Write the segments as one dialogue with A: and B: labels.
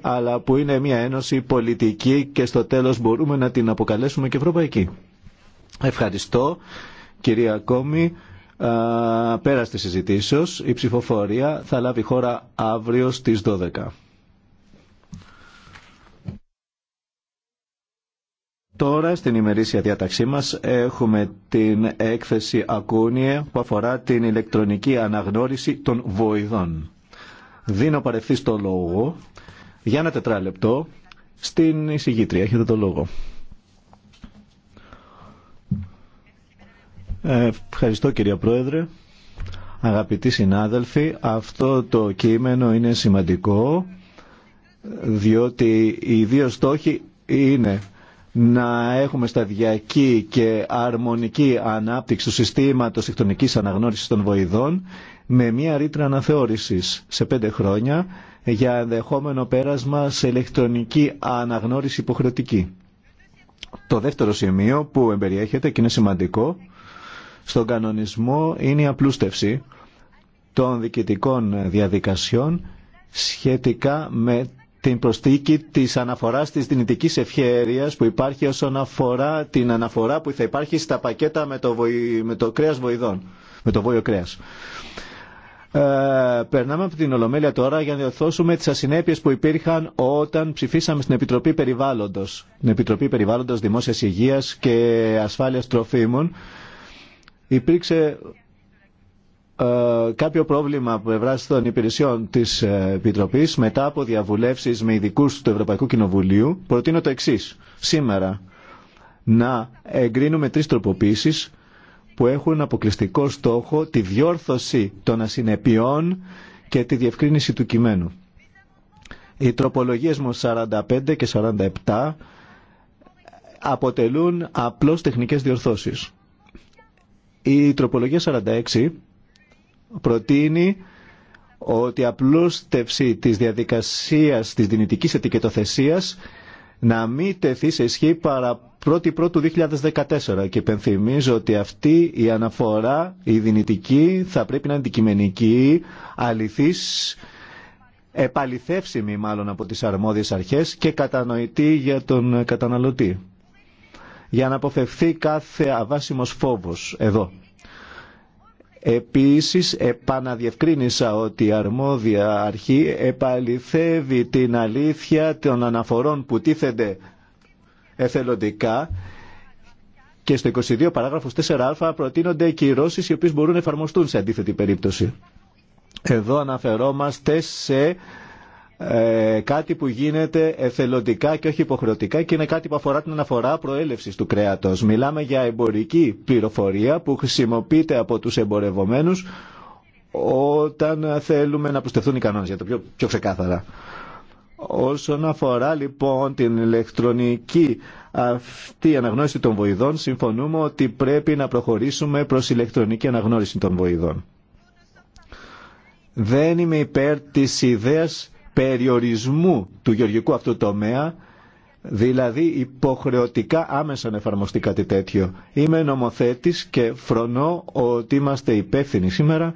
A: αλλά που είναι μια ένωση πολιτική και στο τέλος μπορούμε να την αποκαλέσουμε και ευρωπαϊκή. Ευχαριστώ κυρία Κόμη. Πέρα τη συζητήσεως, η ψηφοφορία θα λάβει χώρα αύριο στις 12. Τώρα στην ημερήσια διάταξή μας έχουμε την έκθεση Ακούνιε που αφορά την ηλεκτρονική αναγνώριση των βοηδών. Δίνω παρευθύ το λόγο για ένα τετράλεπτο στην εισηγήτρια. Έχετε το λόγο. Ευχαριστώ κυρία Πρόεδρε. Αγαπητοί συνάδελφοι, αυτό το κείμενο είναι σημαντικό διότι οι δύο στόχοι είναι να έχουμε σταδιακή και αρμονική ανάπτυξη του συστήματος ηχτονική αναγνώρισης των βοηδών με μια ρήτρα αναθεώρησης σε πέντε χρόνια για ενδεχόμενο πέρασμα σε ηλεκτρονική αναγνώριση υποχρεωτική. Το δεύτερο σημείο που εμπεριέχεται και είναι σημαντικό στον κανονισμό είναι η απλούστευση των διοικητικών διαδικασιών σχετικά με την προσθήκη της αναφοράς της δυνητικής ευχέρειας που υπάρχει όσον αφορά την αναφορά που θα υπάρχει στα πακέτα με το, βοη... με με το βόλιο κρέας. Ε, περνάμε από την Ολομέλεια τώρα για να διορθώσουμε τις ασυνέπειες που υπήρχαν όταν ψηφίσαμε στην Επιτροπή Περιβάλλοντος, την Επιτροπή Περιβάλλοντος Δημόσιας Υγείας και Ασφάλειας Τροφίμων. Υπήρξε ε, κάποιο πρόβλημα από πλευρά των υπηρεσιών τη ε, Επιτροπή μετά από διαβουλεύσει με ειδικού του Ευρωπαϊκού Κοινοβουλίου, προτείνω το εξή. Σήμερα να εγκρίνουμε τρει τροποποίησει που έχουν αποκλειστικό στόχο τη διόρθωση των ασυνεπιών και τη διευκρίνηση του κειμένου. Οι τροπολογίες μου 45 και 47 αποτελούν απλώς τεχνικές διορθώσεις. Η τροπολογία 46 προτείνει ότι απλούστευση της διαδικασίας της δυνητικής ετικετοθεσίας να μην τεθεί σε ισχύ παρά πρωτη η του 2014 και υπενθυμίζω ότι αυτή η αναφορά, η δυνητική, θα πρέπει να είναι αντικειμενική, αληθής, επαληθεύσιμη μάλλον από τις αρμόδιες αρχές και κατανοητή για τον καταναλωτή. Για να αποφευθεί κάθε αβάσιμος φόβος εδώ. Επίσης επαναδιευκρίνησα ότι η αρμόδια αρχή επαληθεύει την αλήθεια των αναφορών που τίθενται εθελοντικά και στο 22 παράγραφος 4α προτείνονται κυρώσεις οι οποίες μπορούν να εφαρμοστούν σε αντίθετη περίπτωση. Εδώ αναφερόμαστε σε ε, κάτι που γίνεται εθελοντικά και όχι υποχρεωτικά και είναι κάτι που αφορά την αναφορά προέλευσης του κρέατος. Μιλάμε για εμπορική πληροφορία που χρησιμοποιείται από τους εμπορευομένους όταν θέλουμε να προστευτούν οι κανόνες για το πιο, πιο ξεκάθαρα. Όσον αφορά λοιπόν την ηλεκτρονική αυτή αναγνώριση των βοηδών, συμφωνούμε ότι πρέπει να προχωρήσουμε προς ηλεκτρονική αναγνώριση των βοηδών. Δεν είμαι υπέρ της ιδέας περιορισμού του γεωργικού αυτού τομέα, δηλαδή υποχρεωτικά άμεσα να εφαρμοστεί κάτι τέτοιο. Είμαι νομοθέτης και φρονώ ότι είμαστε υπεύθυνοι σήμερα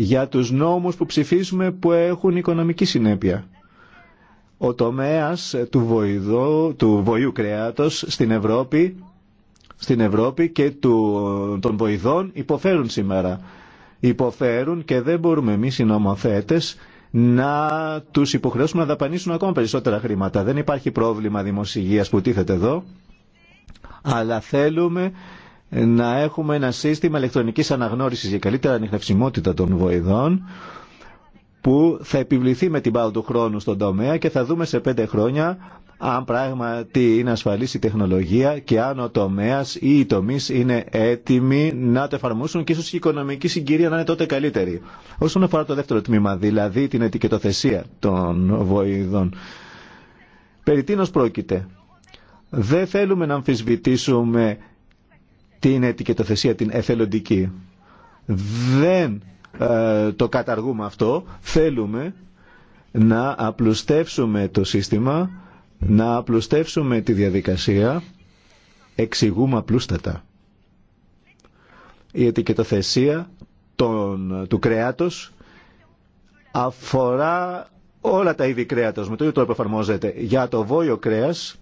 A: για τους νόμους που ψηφίζουμε που έχουν οικονομική συνέπεια. Ο τομέας του, βοηδό, του βοηού κρέατος στην Ευρώπη, στην Ευρώπη και του, των βοηδών υποφέρουν σήμερα. Υποφέρουν και δεν μπορούμε εμείς οι νομοθέτες να τους υποχρεώσουμε να δαπανίσουν ακόμα περισσότερα χρήματα. Δεν υπάρχει πρόβλημα δημοσιογείας που τίθεται εδώ, αλλά θέλουμε να έχουμε ένα σύστημα ηλεκτρονικής αναγνώρισης για καλύτερα ανιχνευσιμότητα των βοηδών που θα επιβληθεί με την πάω του χρόνου στον τομέα και θα δούμε σε πέντε χρόνια αν πράγματι είναι ασφαλής η τεχνολογία και αν ο τομέας ή οι τομείς είναι έτοιμοι να το εφαρμόσουν και ίσως η οικονομική συγκυρία να είναι τότε καλύτερη. Όσον αφορά το δεύτερο τμήμα, δηλαδή την ετικετοθεσία των βοηδών, περί τίνος πρόκειται. Δεν θέλουμε να αμφισβητήσουμε την ετικετοθεσία, την εθελοντική. Δεν ε, το καταργούμε αυτό. Θέλουμε να απλουστεύσουμε το σύστημα, να απλουστεύσουμε τη διαδικασία. Εξηγούμε απλούστατα. Η ετικετοθεσία των, του κρέατος αφορά όλα τα είδη κρέατος, με το ίδιο τρόπο εφαρμόζεται. Για το βόλιο κρέας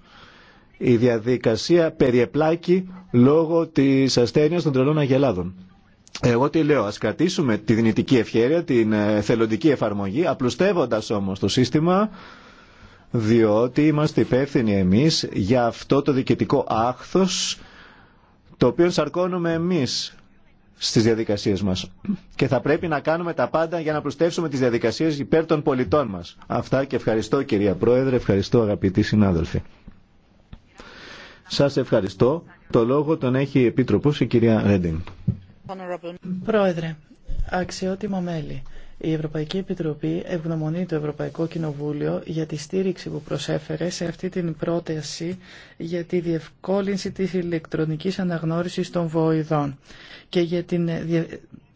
A: η διαδικασία περιεπλάκει λόγω της ασθένειας των τρελών αγελάδων. Εγώ τι λέω, ας κρατήσουμε τη δυνητική ευχαίρεια, την ε, θελοντική εφαρμογή, απλουστεύοντας όμως το σύστημα, διότι είμαστε υπεύθυνοι εμείς για αυτό το διοικητικό άχθος, το οποίο σαρκώνουμε εμείς στις διαδικασίες μας. Και θα πρέπει να κάνουμε τα πάντα για να προστεύσουμε τις διαδικασίες υπέρ των πολιτών μας. Αυτά και ευχαριστώ κυρία Πρόεδρε, ευχαριστώ αγαπητοί συνάδελφοι. Σας ευχαριστώ. Το λόγο τον έχει η Επίτροπος, η κυρία Ρέντιν.
B: Πρόεδρε, αξιότιμα μέλη. Η Ευρωπαϊκή Επιτροπή ευγνωμονεί το Ευρωπαϊκό Κοινοβούλιο για τη στήριξη που προσέφερε σε αυτή την πρόταση για τη διευκόλυνση της ηλεκτρονικής αναγνώρισης των βοηδών και για την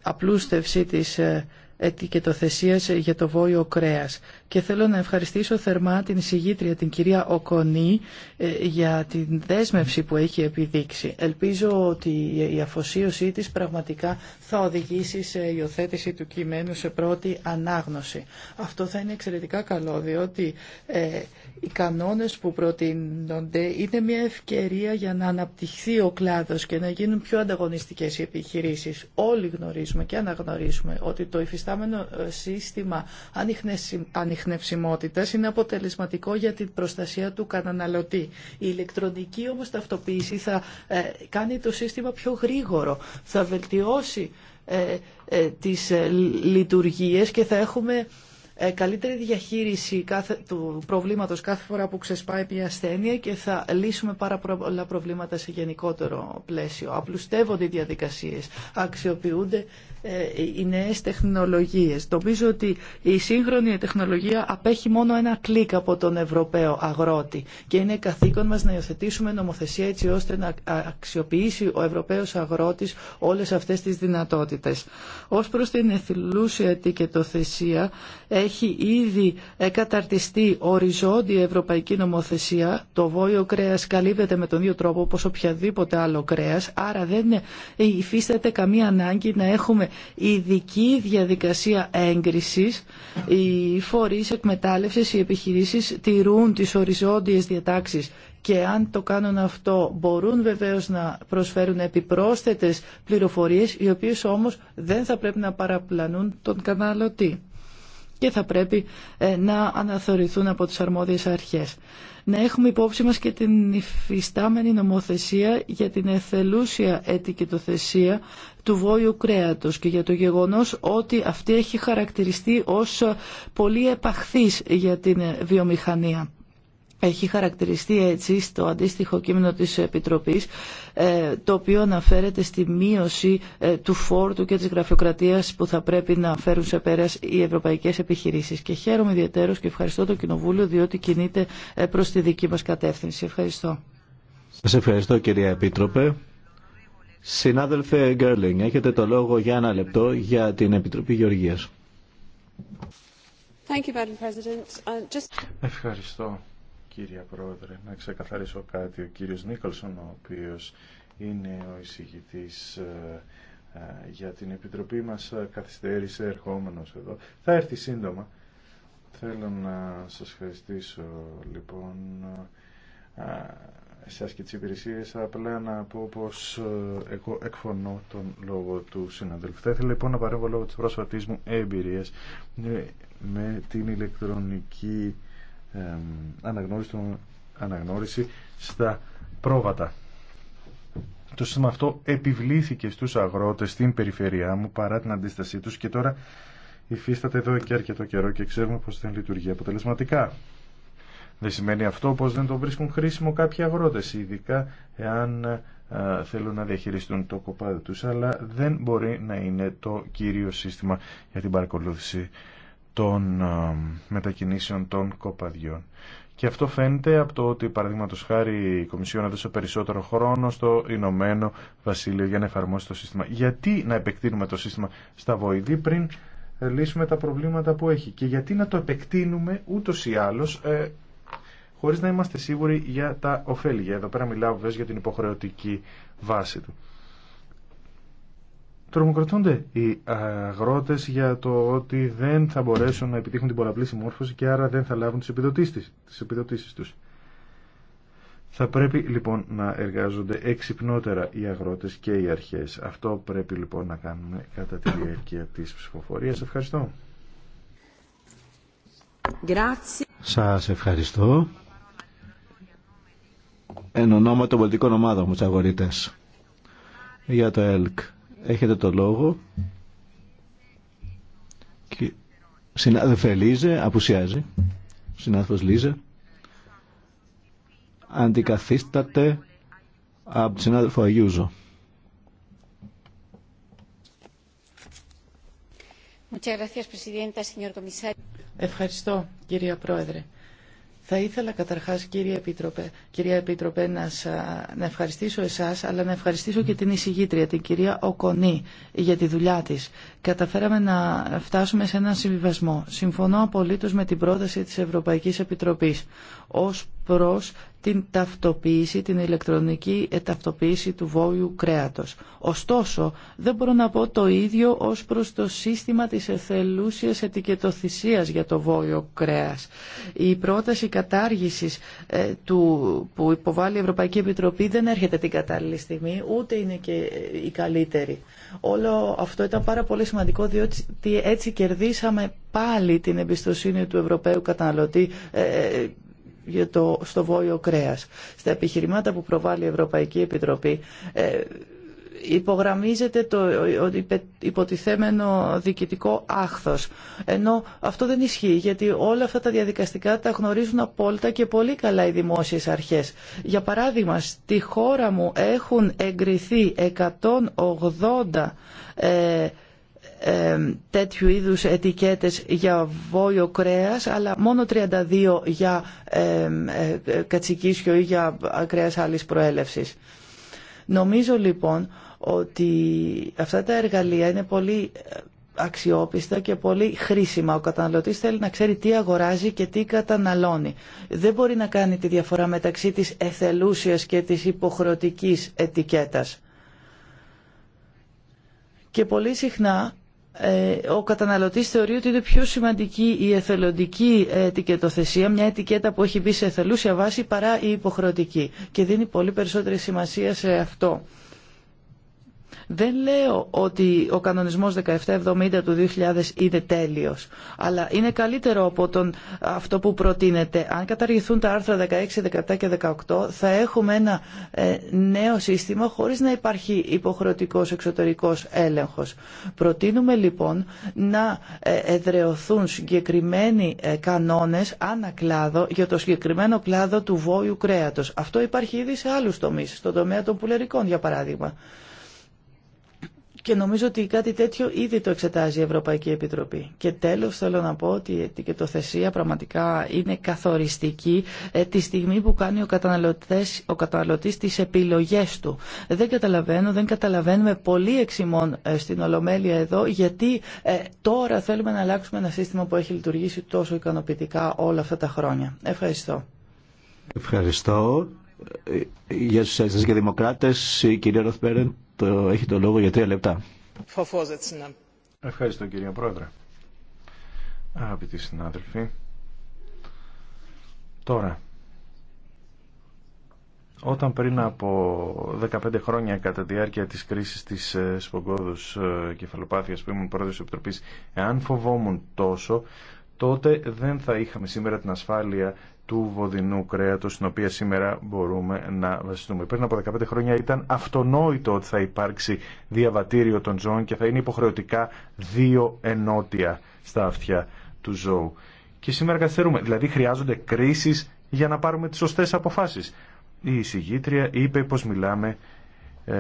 B: απλούστευση της ε, ετικετοθεσίας για το βόηο κρέας και θέλω να ευχαριστήσω θερμά την εισηγήτρια, την κυρία Οκονή, ε, για την δέσμευση που έχει επιδείξει. Ελπίζω ότι η αφοσίωσή της πραγματικά θα οδηγήσει σε υιοθέτηση του κειμένου σε πρώτη ανάγνωση. Αυτό θα είναι εξαιρετικά καλό, διότι ε, οι κανόνες που προτείνονται είναι μια ευκαιρία για να αναπτυχθεί ο κλάδος και να γίνουν πιο ανταγωνιστικές οι επιχειρήσεις. Όλοι γνωρίζουμε και αναγνωρίζουμε ότι το υφιστάμενο ε, σύστημα ανιχνεσιμότητας είναι αποτελεσματικό για την προστασία του καταναλωτή. Η ηλεκτρονική όμως ταυτοποίηση θα ε, κάνει το σύστημα πιο γρήγορο, θα βελτιώσει ε, ε, τις λειτουργίες και θα έχουμε ε, καλύτερη διαχείριση κάθε, του προβλήματος κάθε φορά που ξεσπάει μια ασθένεια και θα λύσουμε πάρα πολλά προβλήματα σε γενικότερο πλαίσιο. Απλουστεύονται οι διαδικασίες, αξιοποιούνται ε, οι νέες τεχνολογίες. Νομίζω ότι η σύγχρονη τεχνολογία απέχει μόνο ένα κλικ από τον Ευρωπαίο αγρότη και είναι καθήκον μας να υιοθετήσουμε νομοθεσία έτσι ώστε να αξιοποιήσει ο Ευρωπαίος αγρότης όλες αυτές τις δυνατότητες. Ως προς την το έχει ήδη ε, καταρτιστεί οριζόντια ευρωπαϊκή νομοθεσία. Το βόλιο κρέα καλύπτεται με τον ίδιο τρόπο όπω οποιαδήποτε άλλο κρέα, άρα δεν ε, υφίσταται καμία ανάγκη να έχουμε ειδική διαδικασία έγκριση. Οι φορεί εκμετάλλευση, οι επιχειρήσει τηρούν τι οριζόντιε διατάξει και αν το κάνουν αυτό μπορούν βεβαίως να προσφέρουν επιπρόσθετες πληροφορίες οι οποίε όμως δεν θα πρέπει να παραπλανούν τον καταναλωτή και θα πρέπει ε, να αναθεωρηθούν από τις αρμόδιες αρχές. Να έχουμε υπόψη μας και την υφιστάμενη νομοθεσία για την εθελούσια ετικετοθεσία του βόλιου κρέατος και για το γεγονός ότι αυτή έχει χαρακτηριστεί ως πολύ επαχθής για την βιομηχανία έχει χαρακτηριστεί έτσι στο αντίστοιχο κείμενο της Επιτροπής ε, το οποίο αναφέρεται στη μείωση ε, του φόρτου και της γραφειοκρατίας που θα πρέπει να φέρουν σε πέρας οι ευρωπαϊκές επιχειρήσεις. Και χαίρομαι ιδιαίτερος και ευχαριστώ το Κοινοβούλιο διότι κινείται ε, προς τη δική μας κατεύθυνση. Ευχαριστώ.
A: Σας ευχαριστώ κυρία Επίτροπε. Συνάδελφε Γκέρλινγκ, έχετε το λόγο για ένα λεπτό για την Επιτροπή Γεωργίας.
C: Uh,
A: ευχαριστώ
C: κύριε Πρόεδρε, να ξεκαθαρίσω κάτι. Ο κύριος Νίκολσον, ο οποίος είναι ο εισηγητής ε, ε, για την Επιτροπή μας, ε, καθυστέρησε ερχόμενος εδώ. Θα έρθει σύντομα. Θέλω να σας ευχαριστήσω, λοιπόν, εσάς και τις υπηρεσίες. Απλά να πω πως εγώ εκφωνώ τον λόγο του συναδέλφου. Θα ήθελα λοιπόν να παρέμβω λόγω της πρόσφατής μου εμπειρίας με την ηλεκτρονική αναγνώριση, αναγνώριση στα πρόβατα. Το σύστημα αυτό επιβλήθηκε στους αγρότες στην περιφερειά μου παρά την αντίστασή τους και τώρα υφίσταται εδώ και αρκετό καιρό και ξέρουμε πως δεν λειτουργεί αποτελεσματικά. Δεν σημαίνει αυτό πως δεν το βρίσκουν χρήσιμο κάποιοι αγρότες, ειδικά εάν θέλουν να διαχειριστούν το κοπάδι τους, αλλά δεν μπορεί να είναι το κύριο σύστημα για την παρακολούθηση των ε, μετακινήσεων των κοπαδιών. Και αυτό φαίνεται από το ότι, παραδείγματο χάρη, η Κομισιόν έδωσε περισσότερο χρόνο στο Ηνωμένο Βασίλειο για να εφαρμόσει το σύστημα. Γιατί να επεκτείνουμε το σύστημα στα βοηθή πριν ε, λύσουμε τα προβλήματα που έχει και γιατί να το επεκτείνουμε ούτω ή άλλω ε, χωρί να είμαστε σίγουροι για τα ωφέλη. Εδώ πέρα μιλάω βέβαια για την υποχρεωτική βάση του. Τρομοκρατούνται οι αγρότε για το ότι δεν θα μπορέσουν να επιτύχουν την πολλαπλή συμμόρφωση και άρα δεν θα λάβουν τι επιδοτήσει του. Θα πρέπει λοιπόν να εργάζονται εξυπνότερα οι αγρότες και οι αρχές. Αυτό πρέπει λοιπόν να κάνουμε κατά τη διάρκεια της ψηφοφορίας. Ευχαριστώ.
A: Σα ευχαριστώ. Εν ονόμα των πολιτικών ομάδων μου, αγορητέ, Για το ΕΛΚ. Έχετε το λόγο. Και... Συνάδελφε Λίζε, απουσιάζει. Συνάδελφος Λίζε. Αντικαθίσταται από τον συνάδελφο Αγιούζο.
B: Ευχαριστώ, κυρία Πρόεδρε. Θα ήθελα καταρχάς κύριε Επίτροπε, κυρία Επίτροπε να, να ευχαριστήσω εσάς αλλά να ευχαριστήσω και την εισηγήτρια, την κυρία Οκονή για τη δουλειά της. Καταφέραμε να φτάσουμε σε έναν συμβιβασμό. Συμφωνώ απολύτως με την πρόταση της Ευρωπαϊκής Επιτροπής. Ως προς την ταυτοποίηση, την ηλεκτρονική ε, ταυτοποίηση του βόλου κρέατος. Ωστόσο, δεν μπορώ να πω το ίδιο ως προς το σύστημα της εθελούσιας ετικετοθυσίας για το βόλιο κρέας. Η πρόταση κατάργησης ε, του, που υποβάλλει η Ευρωπαϊκή Επιτροπή δεν έρχεται την κατάλληλη στιγμή, ούτε είναι και η καλύτερη. Όλο αυτό ήταν πάρα πολύ σημαντικό, διότι έτσι κερδίσαμε πάλι την εμπιστοσύνη του Ευρωπαίου καταναλωτή ε, για το, στο βόλιο κρέας. Στα επιχειρημάτα που προβάλλει η Ευρωπαϊκή Επιτροπή ε, υπογραμμίζεται το υποτιθέμενο διοικητικό άχθος. Ενώ αυτό δεν ισχύει, γιατί όλα αυτά τα διαδικαστικά τα γνωρίζουν απόλυτα και πολύ καλά οι δημόσιες αρχές. Για παράδειγμα, στη χώρα μου έχουν εγκριθεί 180 ε, τέτοιου είδους ετικέτες για βόλιο κρέας αλλά μόνο 32 για ε, ε, κατσικίσιο ή για κρέας άλλης προέλευσης. Νομίζω λοιπόν ότι αυτά τα εργαλεία είναι πολύ ε, αξιόπιστα και πολύ χρήσιμα. Ο καταναλωτής θέλει να ξέρει τι αγοράζει και τι καταναλώνει. Δεν μπορεί να κάνει τη διαφορά μεταξύ της εθελούσιας και της υποχρεωτικής ετικέτας. Και πολύ συχνά ε, ο καταναλωτής θεωρεί ότι είναι πιο σημαντική η εθελοντική ετικετοθεσία, μια ετικέτα που έχει μπει σε εθελούσια βάση παρά η υποχρεωτική και δίνει πολύ περισσότερη σημασία σε αυτό. Δεν λέω ότι ο κανονισμός 1770 του 2000 είναι τέλειος, αλλά είναι καλύτερο από τον, αυτό που προτείνεται. Αν καταργηθούν τα άρθρα 16, 17 και 18 θα έχουμε ένα ε, νέο σύστημα χωρίς να υπάρχει υποχρεωτικός εξωτερικός έλεγχος. Προτείνουμε λοιπόν να ε, εδρεωθούν συγκεκριμένοι ε, κανόνες ανακλάδο για το συγκεκριμένο κλάδο του βόηου κρέατος. Αυτό υπάρχει ήδη σε άλλους τομείς, στον τομέα των πουλερικών για παράδειγμα. Και νομίζω ότι κάτι τέτοιο ήδη το εξετάζει η Ευρωπαϊκή Επιτροπή. Και τέλος θέλω να πω ότι η ετικετοθεσία πραγματικά είναι καθοριστική ε, τη στιγμή που κάνει ο καταναλωτής, ο επιλογέ τις επιλογές του. Δεν καταλαβαίνω, δεν καταλαβαίνουμε πολύ εξημών ε, στην Ολομέλεια εδώ γιατί ε, τώρα θέλουμε να αλλάξουμε ένα σύστημα που έχει λειτουργήσει τόσο ικανοποιητικά όλα αυτά τα χρόνια. Ευχαριστώ.
A: Ευχαριστώ. Για σας και Δημοκράτες, κύριε κυρία Ροθπέρεν έχει το λόγο για τρία λεπτά.
C: Ευχαριστώ κύριε Πρόεδρε. Αγαπητοί συνάδελφοι, τώρα, όταν πριν από 15 χρόνια κατά τη διάρκεια της κρίσης της ε, σπογκόδους ε, κεφαλοπάθειας που ήμουν πρόεδρος της Επιτροπής, εάν φοβόμουν τόσο, τότε δεν θα είχαμε σήμερα την ασφάλεια του βοδινού κρέατος στην οποία σήμερα μπορούμε να βασιστούμε. Πριν από 15 χρόνια ήταν αυτονόητο ότι θα υπάρξει διαβατήριο των ζώων και θα είναι υποχρεωτικά δύο ενότια στα αυτιά του ζώου. Και σήμερα καθυστερούμε. Δηλαδή χρειάζονται κρίσεις για να πάρουμε τις σωστές αποφάσεις. Η εισηγήτρια είπε πως μιλάμε ε,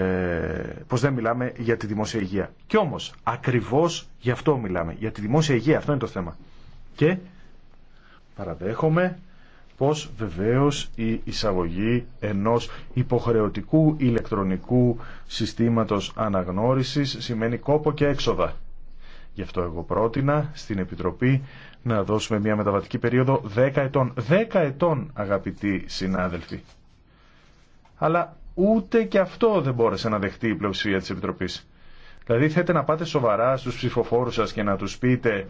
C: πως δεν μιλάμε για τη δημόσια υγεία. Κι όμως, ακριβώς γι' αυτό μιλάμε. Για τη δημόσια υγεία, αυτό είναι το θέμα. Και παραδέχομαι πως βεβαίως η εισαγωγή ενός υποχρεωτικού ηλεκτρονικού συστήματος αναγνώρισης σημαίνει κόπο και έξοδα. Γι' αυτό εγώ πρότεινα στην Επιτροπή να δώσουμε μια μεταβατική περίοδο 10 ετών. 10 ετών αγαπητοί συνάδελφοι. Αλλά ούτε και αυτό δεν μπόρεσε να δεχτεί η πλειοψηφία της Επιτροπής. Δηλαδή θέτε να πάτε σοβαρά στους ψηφοφόρους σας και να τους πείτε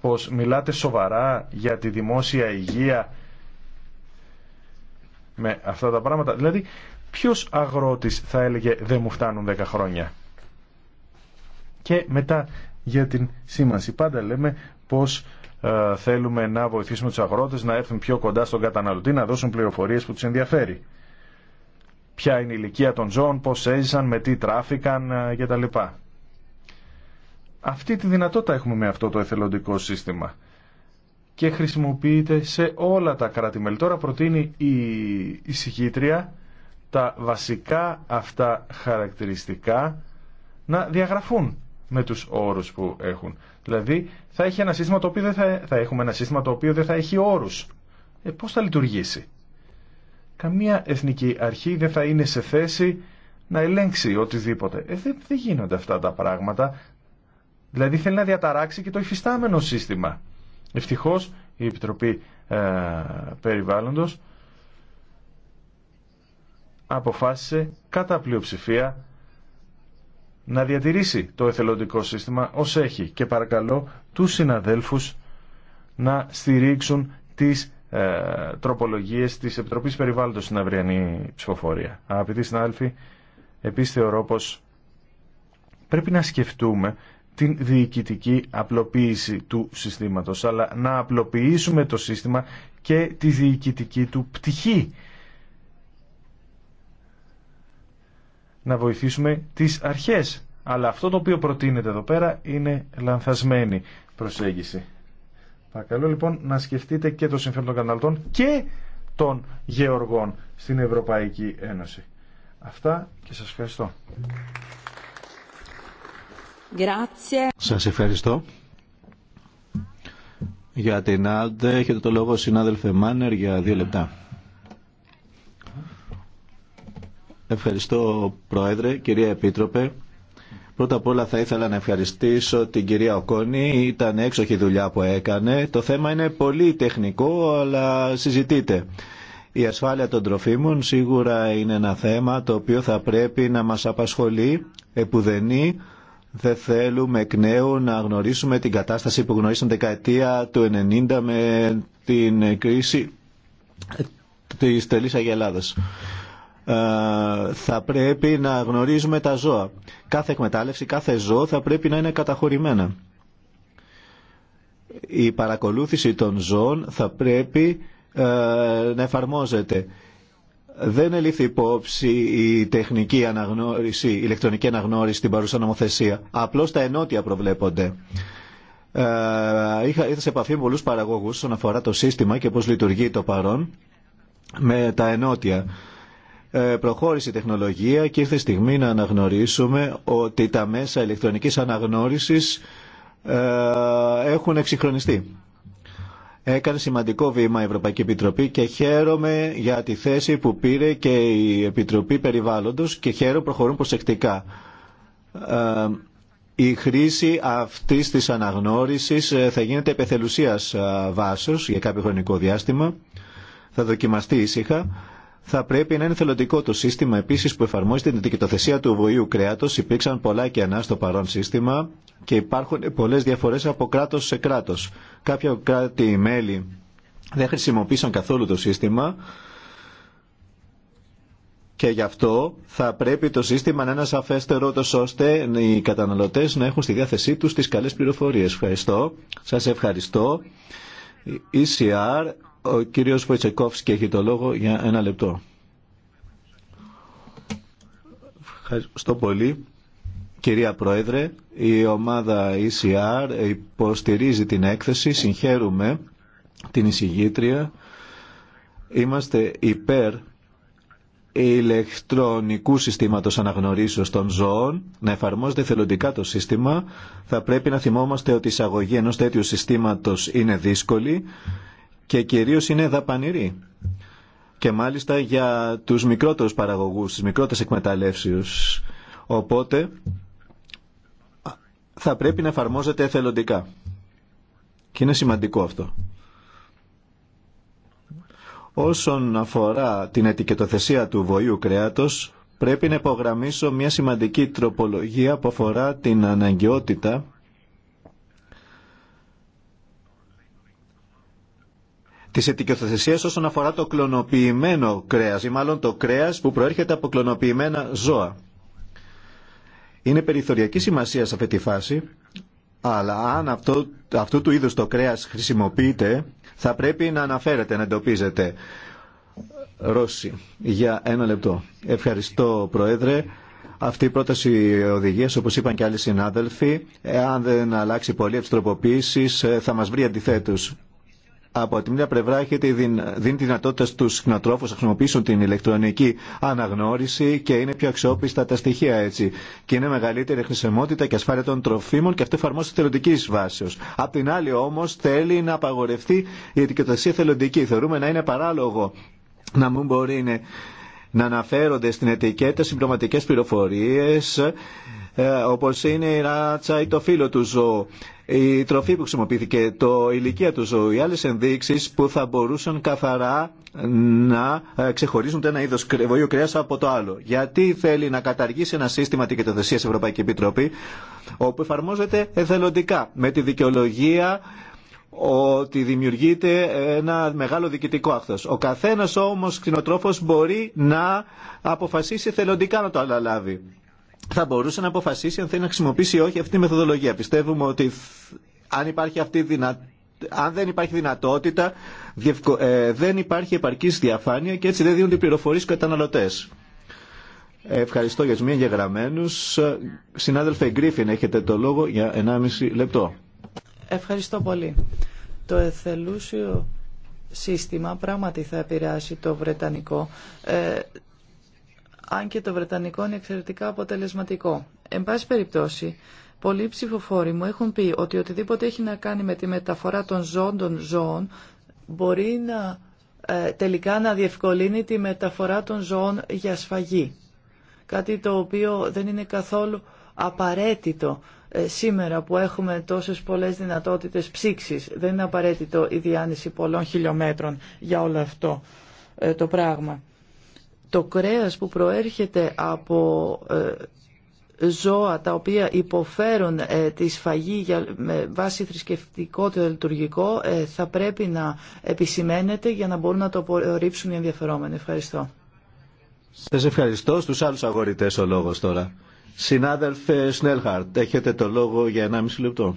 C: πως μιλάτε σοβαρά για τη δημόσια υγεία με αυτά τα πράγματα. Δηλαδή, ποιος αγρότης θα έλεγε δεν μου φτάνουν 10 χρόνια. Και μετά για την σήμανση. Πάντα λέμε πως ε, θέλουμε να βοηθήσουμε τους αγρότες να έρθουν πιο κοντά στον καταναλωτή, να δώσουν πληροφορίες που τους ενδιαφέρει. Ποια είναι η ηλικία των ζώων, πώς έζησαν, με τι τράφηκαν ε, κτλ. Αυτή τη δυνατότητα έχουμε με αυτό το εθελοντικό σύστημα και χρησιμοποιείται σε όλα τα κράτη-μέλη. Τώρα προτείνει η εισηγήτρια τα βασικά αυτά χαρακτηριστικά να διαγραφούν με τους όρους που έχουν. Δηλαδή θα, έχει ένα σύστημα το οποίο θα, θα έχουμε ένα σύστημα το οποίο δεν θα έχει όρους. Ε, πώς θα λειτουργήσει. Καμία εθνική αρχή δεν θα είναι σε θέση να ελέγξει οτιδήποτε. Ε, δεν, δεν γίνονται αυτά τα πράγματα. Δηλαδή θέλει να διαταράξει και το υφιστάμενο σύστημα. Ευτυχώς η Επιτροπή ε, Περιβάλλοντος αποφάσισε κατά πλειοψηφία να διατηρήσει το εθελοντικό σύστημα ως έχει και παρακαλώ τους συναδέλφους να στηρίξουν τις ε, τροπολογίες της Επιτροπής Περιβάλλοντος στην αυριανή ψηφοφορία. Αγαπητοί συνάδελφοι, επίσης θεωρώ πως πρέπει να σκεφτούμε την διοικητική απλοποίηση του συστήματος, αλλά να απλοποιήσουμε το σύστημα και τη διοικητική του πτυχή. Να βοηθήσουμε τις αρχές. Αλλά αυτό το οποίο προτείνεται εδώ πέρα είναι λανθασμένη προσέγγιση. Παρακαλώ λοιπόν να σκεφτείτε και το συμφέρον των καταναλωτών και των γεωργών στην Ευρωπαϊκή Ένωση. Αυτά και σας ευχαριστώ.
A: Σας ευχαριστώ. Για την Άντε έχετε το λόγο συνάδελφε Μάνερ για δύο λεπτά. Ευχαριστώ Πρόεδρε, κυρία Επίτροπε. Πρώτα απ' όλα θα ήθελα να ευχαριστήσω την κυρία Οκόνη. Ήταν έξοχη δουλειά που έκανε. Το θέμα είναι πολύ τεχνικό, αλλά συζητήτε. Η ασφάλεια των τροφίμων σίγουρα είναι ένα θέμα το οποίο θα πρέπει να μας απασχολεί, επουδενή, δεν θέλουμε εκ νέου να γνωρίσουμε την κατάσταση που γνωρίσαμε δεκαετία του 90 με την κρίση της τελής Αγελάδας. Ε, θα πρέπει να γνωρίζουμε τα ζώα. Κάθε εκμετάλλευση, κάθε ζώο θα πρέπει να είναι καταχωρημένα. Η παρακολούθηση των ζώων θα πρέπει ε, να εφαρμόζεται δεν ελήφθη υπόψη η τεχνική αναγνώριση, η ηλεκτρονική αναγνώριση στην παρούσα νομοθεσία. Απλώς τα ενότια προβλέπονται. Ε, είχα, σε επαφή με πολλούς παραγωγούς όσον αφορά το σύστημα και πώς λειτουργεί το παρόν με τα ενότια. Ε, προχώρησε η τεχνολογία και ήρθε η στιγμή να αναγνωρίσουμε ότι τα μέσα ηλεκτρονικής αναγνώρισης ε, έχουν εξυγχρονιστεί. Έκανε σημαντικό βήμα η Ευρωπαϊκή Επιτροπή και χαίρομαι για τη θέση που πήρε και η Επιτροπή Περιβάλλοντος και χαίρομαι προχωρούν προσεκτικά. Ε, η χρήση αυτής της αναγνώρισης ε, θα γίνεται επεθελουσίας ε, βάσος για κάποιο χρονικό διάστημα. Θα δοκιμαστεί ήσυχα θα πρέπει να είναι θελοντικό το σύστημα επίση που εφαρμόζεται την δικαιοθεσία του βοήου κρέατο. Υπήρξαν πολλά κενά στο παρόν σύστημα και υπάρχουν πολλέ διαφορέ από κράτο σε κράτο. Κάποια κράτη-μέλη δεν χρησιμοποίησαν καθόλου το σύστημα και γι' αυτό θα πρέπει το σύστημα να είναι σαφέστερο ώστε οι καταναλωτές να έχουν στη διάθεσή τους τις καλές πληροφορίες. Ευχαριστώ. Σας ευχαριστώ. ECR, ο κύριος Βοητσεκόφσκι έχει το λόγο για ένα λεπτό. Ευχαριστώ πολύ. Κυρία Πρόεδρε, η ομάδα ECR υποστηρίζει την έκθεση, συγχαίρουμε την εισηγήτρια. Είμαστε υπέρ ηλεκτρονικού συστήματος αναγνωρίσεως των ζώων να εφαρμόζεται θελοντικά το σύστημα θα πρέπει να θυμόμαστε ότι η εισαγωγή ενός τέτοιου συστήματος είναι δύσκολη και κυρίως είναι δαπανηρή και μάλιστα για τους μικρότερους παραγωγούς, τις μικρότερες εκμεταλλεύσεις οπότε θα πρέπει να εφαρμόζεται εθελοντικά και είναι σημαντικό αυτό Όσον αφορά την ετικετοθεσία του βοήου κρέατος, πρέπει να υπογραμμίσω μια σημαντική τροπολογία που αφορά την αναγκαιότητα τη ετικιοθεσία όσον αφορά το κλωνοποιημένο κρέα ή μάλλον το κρέα που προέρχεται από κλωνοποιημένα ζώα. Είναι περιθωριακή σημασία σε αυτή τη φάση αλλά αν αυτό, αυτού του είδους το κρέας χρησιμοποιείται, θα πρέπει να αναφέρεται, να εντοπίζεται. Ρώση, για ένα λεπτό. Ευχαριστώ, Πρόεδρε. Αυτή η πρόταση οδηγία, όπω είπαν και άλλοι συνάδελφοι, εάν δεν αλλάξει πολύ από ε, θα μα βρει αντιθέτω. Από τη μια πλευρά έχετε, δίνει τη δυνατότητα στου χνοτρόφους να χρησιμοποιήσουν την ηλεκτρονική αναγνώριση και είναι πιο αξιόπιστα τα στοιχεία έτσι. Και είναι μεγαλύτερη χρησιμότητα και ασφάλεια των τροφίμων και αυτό εφαρμόζεται θελοντική βάσεω. Απ' την άλλη όμω θέλει να απαγορευτεί η ετικετασία θελοντική. Θεωρούμε να είναι παράλογο να μην μπορεί να αναφέρονται στην ετικέτα συμπληρωματικέ πληροφορίε ε, Όπω είναι η ράτσα ή το φύλλο του ζώου, η τροφή που χρησιμοποιήθηκε, το ηλικία του ζώου, οι άλλε ενδείξει που θα μπορούσαν καθαρά να ε, ξεχωρίζουν το ένα είδο βοήου κρέα από το άλλο. Γιατί θέλει να καταργήσει ένα σύστημα στην Ευρωπαϊκή Επιτροπή όπου εφαρμόζεται εθελοντικά με τη δικαιολογία ότι δημιουργείται ένα μεγάλο διοικητικό άκθος. Ο καθένας όμως κτηνοτρόφος μπορεί να αποφασίσει εθελοντικά να το αναλάβει θα μπορούσε να αποφασίσει αν θέλει να χρησιμοποιήσει ή όχι αυτή τη μεθοδολογία. Πιστεύουμε ότι αν, υπάρχει αυτή δυνα... αν δεν υπάρχει δυνατότητα, ε, δεν υπάρχει επαρκής διαφάνεια και έτσι δεν δίνονται πληροφορίε στους καταναλωτές. Ευχαριστώ για τι μία εγγεγραμμένου. Συνάδελφε Γκρίφιν, έχετε το λόγο για 1,5 λεπτό.
B: Ευχαριστώ πολύ. Το εθελούσιο σύστημα πράγματι θα επηρεάσει το βρετανικό. Ε, αν και το Βρετανικό είναι εξαιρετικά αποτελεσματικό. Εν πάση περιπτώσει, πολλοί ψηφοφόροι μου έχουν πει ότι οτιδήποτε έχει να κάνει με τη μεταφορά των ζώων των ζώων μπορεί να ε, τελικά να διευκολύνει τη μεταφορά των ζώων για σφαγή. Κάτι το οποίο δεν είναι καθόλου απαραίτητο ε, σήμερα που έχουμε τόσες πολλές δυνατότητες ψήξης. Δεν είναι απαραίτητο η διάνυση πολλών χιλιόμετρων για όλο αυτό ε, το πράγμα το κρέας που προέρχεται από ε, ζώα τα οποία υποφέρουν ε, τη σφαγή με βάση θρησκευτικό το λειτουργικό ε, θα πρέπει να επισημαίνεται για να μπορούν να το απορρίψουν οι ενδιαφερόμενοι. Ευχαριστώ.
A: Σας ευχαριστώ. Στους άλλους αγορητές ο λόγος τώρα. Συνάδελφε Σνέλχαρτ, έχετε το λόγο για 1,5 λεπτό.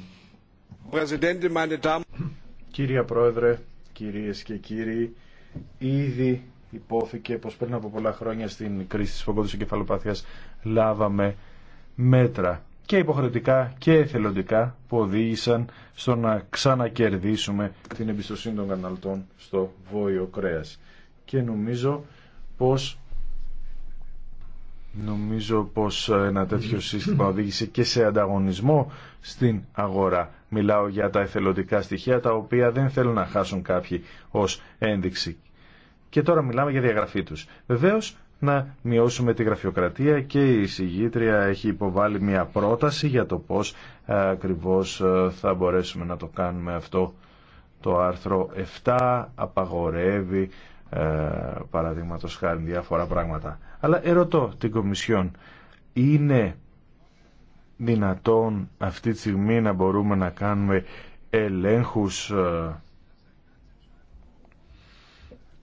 C: Κύριε Πρόεδρε, κυρίες και κύριοι, ήδη υπόθηκε πως πριν από πολλά χρόνια στην κρίση της φογκώδης κεφαλοπάθειας λάβαμε μέτρα και υποχρεωτικά και εθελοντικά που οδήγησαν στο να ξανακερδίσουμε την εμπιστοσύνη των καναλτών στο βόηο κρέας. Και νομίζω πως Νομίζω πως ένα τέτοιο σύστημα οδήγησε και σε ανταγωνισμό στην αγορά. Μιλάω για τα εθελοντικά στοιχεία τα οποία δεν θέλουν να χάσουν κάποιοι ως ένδειξη και τώρα μιλάμε για διαγραφή τους. Βεβαίως να μειώσουμε τη γραφειοκρατία και η συγγήτρια έχει υποβάλει μια πρόταση για το πώς ε, ακριβώς ε, θα μπορέσουμε να το κάνουμε αυτό. Το άρθρο 7 απαγορεύει ε, παραδείγματο χάρη διάφορα πράγματα. Αλλά ερωτώ την Κομισιόν, είναι δυνατόν αυτή τη στιγμή να μπορούμε να κάνουμε ελέγχους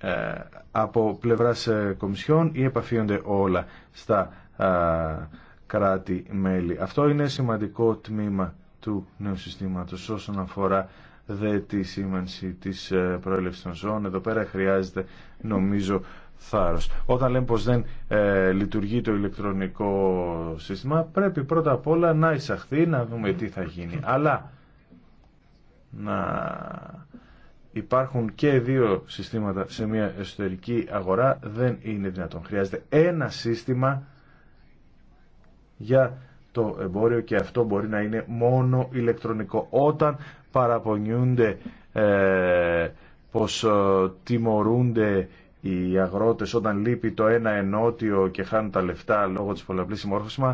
C: ε, από πλευράς ε, κομισιών ή επαφίονται όλα στα ε, κράτη-μέλη. Αυτό είναι σημαντικό τμήμα του νέου συστήματος όσον αφορά δε τη σήμανση της προέλευσης των ζώων. Εδώ πέρα χρειάζεται νομίζω θάρρος. Όταν λέμε πως δεν λειτουργεί το ηλεκτρονικό σύστημα πρέπει πρώτα απ' όλα να εισαχθεί, να δούμε τι θα γίνει. Αλλά να υπάρχουν και δύο συστήματα σε μια εσωτερική αγορά δεν είναι δυνατόν. Χρειάζεται ένα σύστημα για το εμπόριο και αυτό μπορεί να είναι μόνο ηλεκτρονικό. Όταν παραπονιούνται ε, πως ε, τιμωρούνται οι αγρότες όταν λείπει το ένα ενότιο και χάνουν τα λεφτά λόγω της πολλαπλής συμμόρφωσης,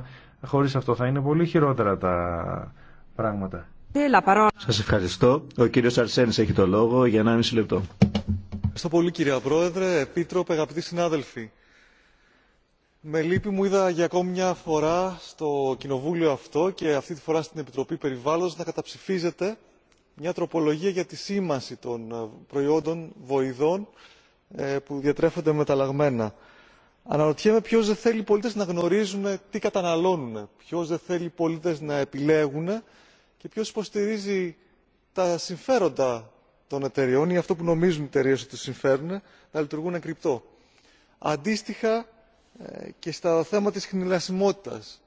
C: χωρίς αυτό θα είναι πολύ χειρότερα τα
A: πράγματα. Σα ευχαριστώ. Ο κύριο Αρσένη έχει το λόγο για 1,5 λεπτό.
D: Ευχαριστώ πολύ κύριε Πρόεδρε, Επίτροπε, αγαπητοί συνάδελφοι. Με λύπη μου είδα για ακόμη μια φορά στο κοινοβούλιο αυτό και αυτή τη φορά στην Επιτροπή Περιβάλλοντος να καταψηφίζεται μια τροπολογία για τη σήμανση των ε, προϊόντων βοηδών ε, που διατρέφονται μεταλλαγμένα. Αναρωτιέμαι ποιος δεν θέλει οι πολίτες να γνωρίζουν τι καταναλώνουν, ποιος δεν θέλει οι πολίτες να επιλέγουν και ποιος υποστηρίζει τα συμφέροντα των εταιριών ή αυτό που νομίζουν οι εταιρείες ότι τους συμφέρουν να λειτουργούν κρυπτό. Αντίστοιχα ε, και στα θέματα της χνηλασιμότητας.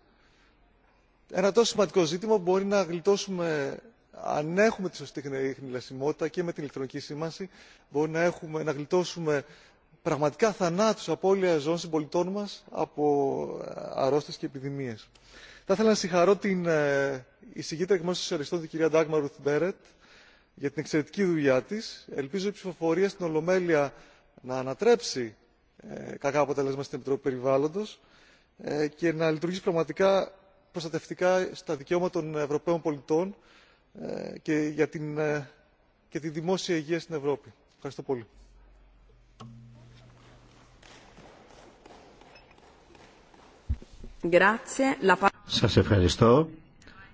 D: Ένα τόσο σημαντικό ζήτημα που μπορεί να γλιτώσουμε αν έχουμε τη σωστή χνηλασιμότητα και με την ηλεκτρονική σήμανση μπορεί να, έχουμε, να γλιτώσουμε πραγματικά θανάτους, απώλεια ζώων συμπολιτών μας από ε, αρρώστες και επιδημίες. Θα ήθελα να συγχαρώ την ε, εισηγήτρια εκ μέρου των Σοσιαλιστών, την κυρία Ντάγμα Ρουθ Μπέρετ, για την εξαιρετική δουλειά τη. Ελπίζω η ψηφοφορία στην Ολομέλεια να ανατρέψει ε, κακά αποτελέσματα στην Επιτροπή Περιβάλλοντο ε, και να λειτουργήσει πραγματικά προστατευτικά στα δικαιώματα των Ευρωπαίων πολιτών και για τη δημόσια υγεία στην Ευρώπη. Ευχαριστώ πολύ.
A: Σας ευχαριστώ.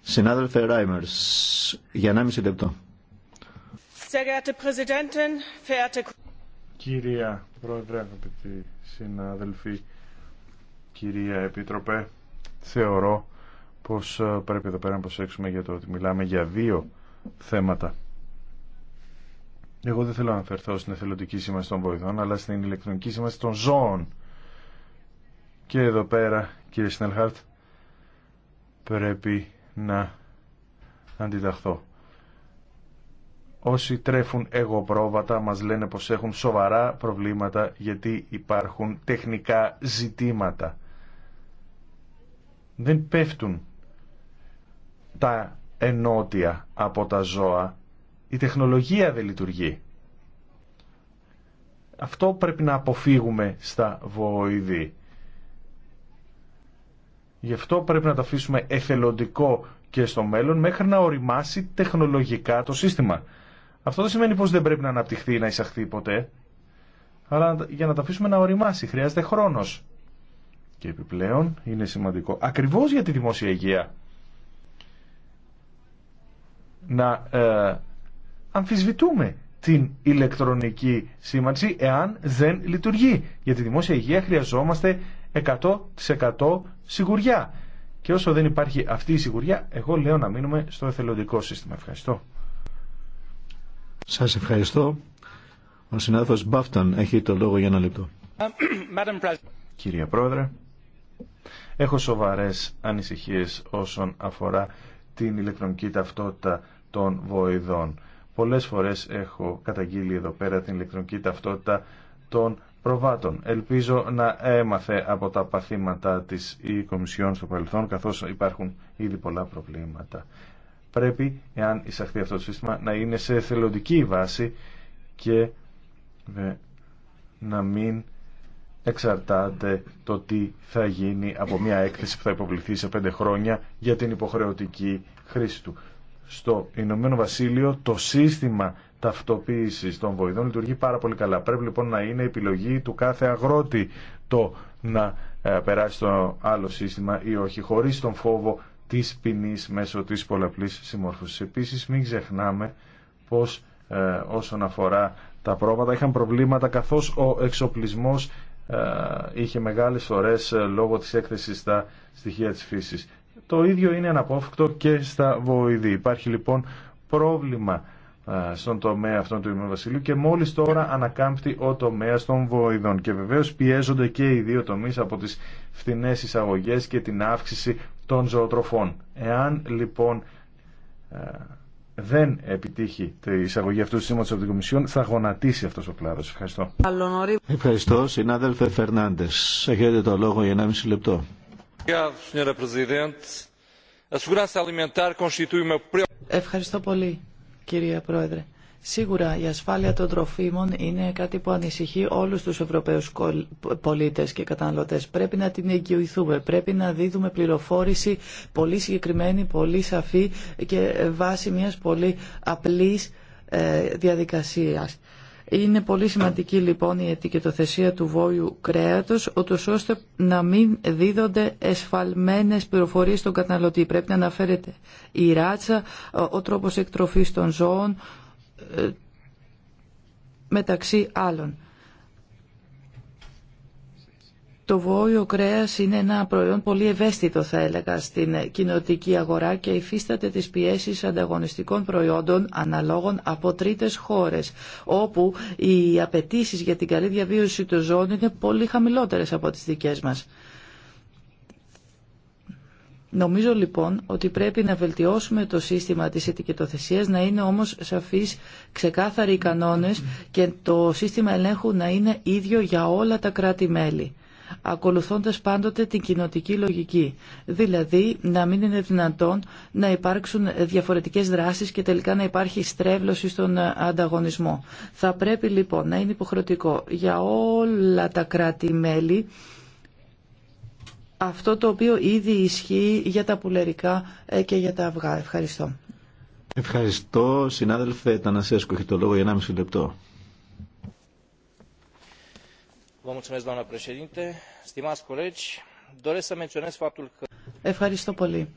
A: Συνάδελφε Ράιμερς, για 1,5 λεπτό.
C: Κυρία Πρόεδρε, αγαπητοί συνάδελφοι, κυρία Επίτροπε, θεωρώ πως ε, πρέπει εδώ πέρα να προσέξουμε για το ότι μιλάμε για δύο θέματα. Εγώ δεν θέλω να αναφερθώ στην εθελοντική σήμαση των βοηθών, αλλά στην ηλεκτρονική σήμαση των ζώων. Και εδώ πέρα, κύριε Σνελχάρτ, πρέπει να αντιταχθώ. Όσοι τρέφουν εγωπρόβατα μας λένε πως έχουν σοβαρά προβλήματα γιατί υπάρχουν τεχνικά ζητήματα. Δεν πέφτουν τα ενότια από τα ζώα. Η τεχνολογία δεν λειτουργεί. Αυτό πρέπει να αποφύγουμε στα βοηδή. Γι' αυτό πρέπει να τα αφήσουμε εθελοντικό και στο μέλλον μέχρι να οριμάσει τεχνολογικά το σύστημα. Αυτό δεν σημαίνει πως δεν πρέπει να αναπτυχθεί ή να εισαχθεί ποτέ. Αλλά για να τα αφήσουμε να οριμάσει χρειάζεται χρόνος. Και επιπλέον είναι σημαντικό ακριβώς για τη δημόσια υγεία να ε, αμφισβητούμε την ηλεκτρονική σήμανση εάν δεν λειτουργεί. Για τη δημόσια υγεία χρειαζόμαστε 100% σιγουριά. Και όσο δεν υπάρχει αυτή η σιγουριά, εγώ λέω να μείνουμε στο εθελοντικό σύστημα. Ευχαριστώ.
A: Σας ευχαριστώ. Ο συνάδελφος Μπάφταν έχει το λόγο για ένα λεπτό. Κύριε Πρόεδρε,
C: έχω σοβαρές ανησυχίες όσον αφορά την ηλεκτρονική ταυτότητα των βοηδών. Πολλές φορές έχω καταγγείλει εδώ πέρα την ηλεκτρονική ταυτότητα των προβάτων. Ελπίζω να έμαθε από τα παθήματα της η Κομισιόν στο παρελθόν, καθώς υπάρχουν ήδη πολλά προβλήματα. Πρέπει, εάν εισαχθεί αυτό το σύστημα, να είναι σε εθελοντική βάση και να μην εξαρτάται το τι θα γίνει από μια έκθεση που θα υποβληθεί σε πέντε χρόνια για την υποχρεωτική χρήση του. Στο Ηνωμένο Βασίλειο το σύστημα Ταυτοποίηση των βοηδών λειτουργεί πάρα πολύ καλά. Πρέπει λοιπόν να είναι επιλογή του κάθε αγρότη το να ε, περάσει στο άλλο σύστημα ή όχι, χωρίς τον φόβο της ποινή μέσω της πολλαπλή συμμόρφωση. Επίσης μην ξεχνάμε πως ε, όσον αφορά τα πρόβατα είχαν προβλήματα καθώς ο εξοπλισμός ε, είχε μεγάλες φορές λόγω της έκθεσης στα στοιχεία της φύσης. Το ίδιο είναι αναπόφευκτο και στα βοηδή. Υπάρχει λοιπόν πρόβλημα στον τομέα αυτών του Ηνωμένου Βασιλείου και μόλις τώρα ανακάμπτει ο τομέας των βοηδών και βεβαίως πιέζονται και οι δύο τομείς από τις φθηνές εισαγωγές και την αύξηση των ζωοτροφών. Εάν λοιπόν δεν επιτύχει η εισαγωγή αυτού του σήματος από την Κομισιόν θα γονατίσει
A: αυτός ο κλάδο. Ευχαριστώ. Ευχαριστώ συνάδελφε Φερνάντες. Έχετε το λόγο για 1,5 λεπτό.
B: Ευχαριστώ πολύ. Κύριε Πρόεδρε. Σίγουρα η ασφάλεια των τροφίμων είναι κάτι που ανησυχεί όλους τους Ευρωπαίους πολίτες και καταναλωτές. Πρέπει να την εγγυηθούμε, πρέπει να δίδουμε πληροφόρηση πολύ συγκεκριμένη, πολύ σαφή και βάσει μιας πολύ απλής ε, διαδικασίας. Είναι πολύ σημαντική λοιπόν η ετικετοθεσία του βόλου κρέατος, ώστε να μην δίδονται εσφαλμένες πληροφορίες στον καταναλωτή. Πρέπει να αναφέρεται η ράτσα, ο τρόπος εκτροφής των ζώων, ε, μεταξύ άλλων. Το βόλιο κρέας είναι ένα προϊόν πολύ ευαίσθητο θα έλεγα στην κοινοτική αγορά και υφίσταται τις πιέσεις ανταγωνιστικών προϊόντων αναλόγων από τρίτες χώρες όπου οι απαιτήσει για την καλή διαβίωση των ζώων είναι πολύ χαμηλότερες από τις δικές μας. Νομίζω λοιπόν ότι πρέπει να βελτιώσουμε το σύστημα της ετικετοθεσίας, να είναι όμως σαφείς, ξεκάθαροι οι κανόνες και το σύστημα ελέγχου να είναι ίδιο για όλα τα κράτη-μέλη ακολουθώντας πάντοτε την κοινοτική λογική. Δηλαδή να μην είναι δυνατόν να υπάρξουν διαφορετικές δράσεις και τελικά να υπάρχει στρέβλωση στον ανταγωνισμό. Θα πρέπει λοιπόν να είναι υποχρεωτικό για όλα τα κράτη-μέλη αυτό το οποίο ήδη ισχύει για τα πουλερικά ε, και για τα αυγά. Ευχαριστώ.
A: Ευχαριστώ. Συνάδελφε Τανασέσκο, έχει το λόγο για 1,5 λεπτό.
B: Ευχαριστώ πολύ.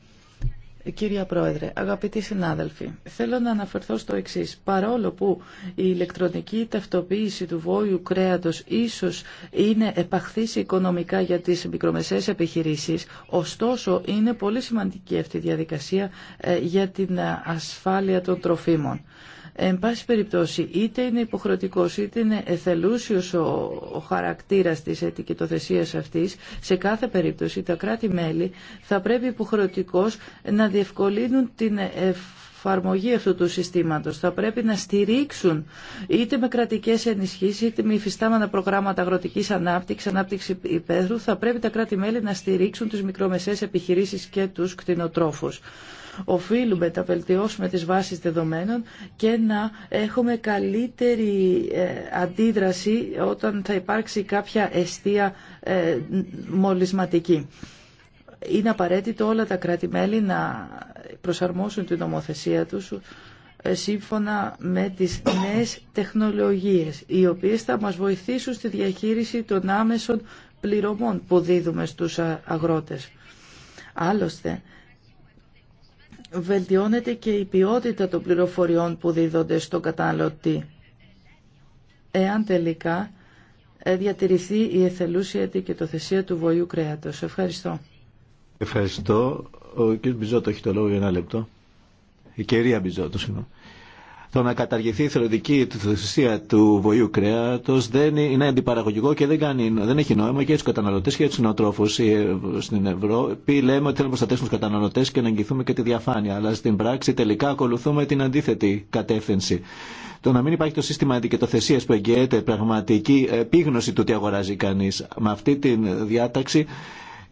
B: Κύριε Πρόεδρε, αγαπητοί συνάδελφοι, θέλω να αναφερθώ στο εξή. Παρόλο που η ηλεκτρονική ταυτοποίηση του βόλου κρέατος ίσως είναι επαχθή οικονομικά για τις μικρομεσαίες επιχειρήσεις, ωστόσο είναι πολύ σημαντική αυτή η διαδικασία ε, για την ε, ασφάλεια των τροφίμων. Εν πάση περιπτώσει, είτε είναι υποχρεωτικός είτε είναι εθελούσιος ο, ο χαρακτήρας της ετικετοθεσίας αυτής, σε κάθε περίπτωση τα κράτη-μέλη θα πρέπει υποχρεωτικώς να διευκολύνουν την εφαρμογή αυτού του συστήματος. Θα πρέπει να στηρίξουν είτε με κρατικές ενισχύσεις είτε με υφιστάμενα προγράμματα αγροτικής ανάπτυξης, ανάπτυξη υπαίθρου, θα πρέπει τα κράτη-μέλη να στηρίξουν τις μικρομεσαίες επιχειρήσεις και τους κτηνοτρόφους. Οφείλουμε να βελτιώσουμε τις βάσεις δεδομένων και να έχουμε καλύτερη ε, αντίδραση όταν θα υπάρξει κάποια αιστεία ε, μολυσματική. Είναι απαραίτητο όλα τα κράτη-μέλη να προσαρμόσουν την νομοθεσία τους ε, σύμφωνα με τις νέες τεχνολογίες, οι οποίες θα μας βοηθήσουν στη διαχείριση των άμεσων πληρωμών που δίδουμε στους αγρότες. Άλλωστε, βελτιώνεται και η ποιότητα των πληροφοριών που δίδονται στον τι; Εάν τελικά ε, διατηρηθεί η εθελούσια ετικετοθεσία του βοηού κρέατος. Ευχαριστώ.
A: Ευχαριστώ. Ο κ. Μπιζότο έχει το λόγο για ένα λεπτό. Η κυρία Μπιζότο, συγγνώμη. Το να καταργηθεί η θεωρητική θυσία του βοηού κρέατο είναι αντιπαραγωγικό και δεν, κάνει, δεν έχει νόημα και για του καταναλωτέ και για του νοοτρόφου στην Ευρώπη. Λέμε ότι θέλουμε να προστατεύσουμε του καταναλωτέ και να εγγυηθούμε και τη διαφάνεια. Αλλά στην πράξη τελικά ακολουθούμε την αντίθετη κατεύθυνση. Το να μην υπάρχει το σύστημα αντικετοθεσία που εγγυέται πραγματική επίγνωση του τι αγοράζει κανεί. Με αυτή τη διάταξη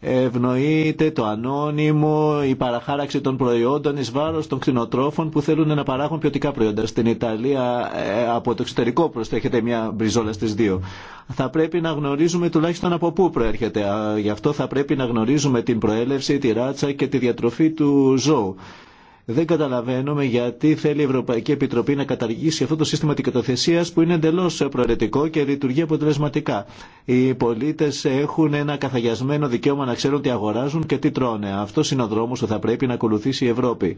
A: ευνοείται το ανώνυμο, η παραχάραξη των προϊόντων εις βάρος των κτηνοτρόφων που θέλουν να παράγουν ποιοτικά προϊόντα. Στην Ιταλία ε, από το εξωτερικό προστέχεται μια μπριζόλα στις δύο. Θα πρέπει να γνωρίζουμε τουλάχιστον από πού προέρχεται. Γι' αυτό θα πρέπει να γνωρίζουμε την προέλευση, τη ράτσα και τη διατροφή του ζώου. Δεν καταλαβαίνουμε γιατί θέλει η Ευρωπαϊκή Επιτροπή να καταργήσει αυτό το σύστημα δικαιοθεσία που είναι εντελώ προαιρετικό και λειτουργεί αποτελεσματικά. Οι πολίτε έχουν ένα καθαγιασμένο δικαίωμα να ξέρουν τι αγοράζουν και τι τρώνε. Αυτό είναι ο δρόμο που θα πρέπει να ακολουθήσει η Ευρώπη.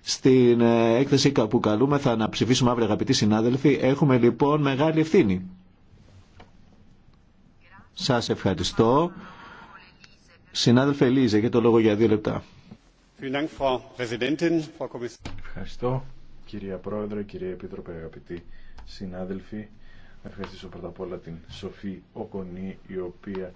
A: Στην ε, έκθεση που καλούμε θα αναψηφίσουμε αύριο αγαπητοί συνάδελφοι. Έχουμε λοιπόν μεγάλη ευθύνη. Σας ευχαριστώ. Συνάδελφε Ελίζα, για το λόγο για δύο λεπτά.
C: Ευχαριστώ κυρία Πρόεδρε, κυρία Επίτροπε, αγαπητοί συνάδελφοι. Να ευχαριστήσω πρώτα απ' όλα την Σοφή Οκονή, η οποία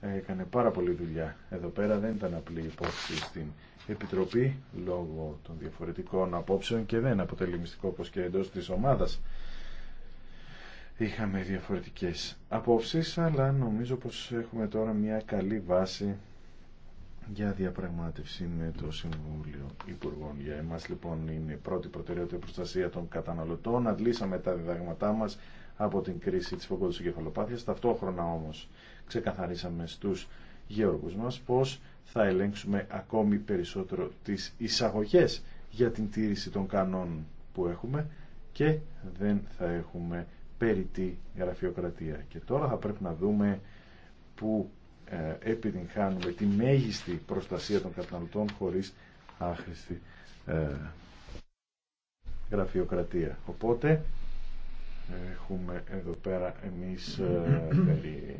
C: έκανε πάρα πολύ δουλειά εδώ πέρα. Δεν ήταν απλή υπόψη στην Επιτροπή λόγω των διαφορετικών απόψεων και δεν αποτελεί μυστικό όπως και εντός της ομάδας. Είχαμε διαφορετικές απόψεις, αλλά νομίζω πως έχουμε τώρα μια καλή βάση για διαπραγμάτευση με το Συμβούλιο Υπουργών. Για εμά, λοιπόν είναι η πρώτη προτεραιότητα η προστασία των καταναλωτών. Αντλήσαμε τα διδάγματά μα από την κρίση της φωκόδους εγκεφαλοπάθεια. Ταυτόχρονα όμω ξεκαθαρίσαμε στου γεωργού μα πώ θα ελέγξουμε ακόμη περισσότερο τι εισαγωγέ για την τήρηση των κανόνων που έχουμε και δεν θα έχουμε περιττή γραφειοκρατία. Και τώρα θα πρέπει να δούμε που ε, επιτυγχάνουμε τη μέγιστη προστασία των καταναλωτών χωρίς άχρηστη ε, γραφειοκρατία. Οπότε έχουμε εδώ πέρα εμείς ε,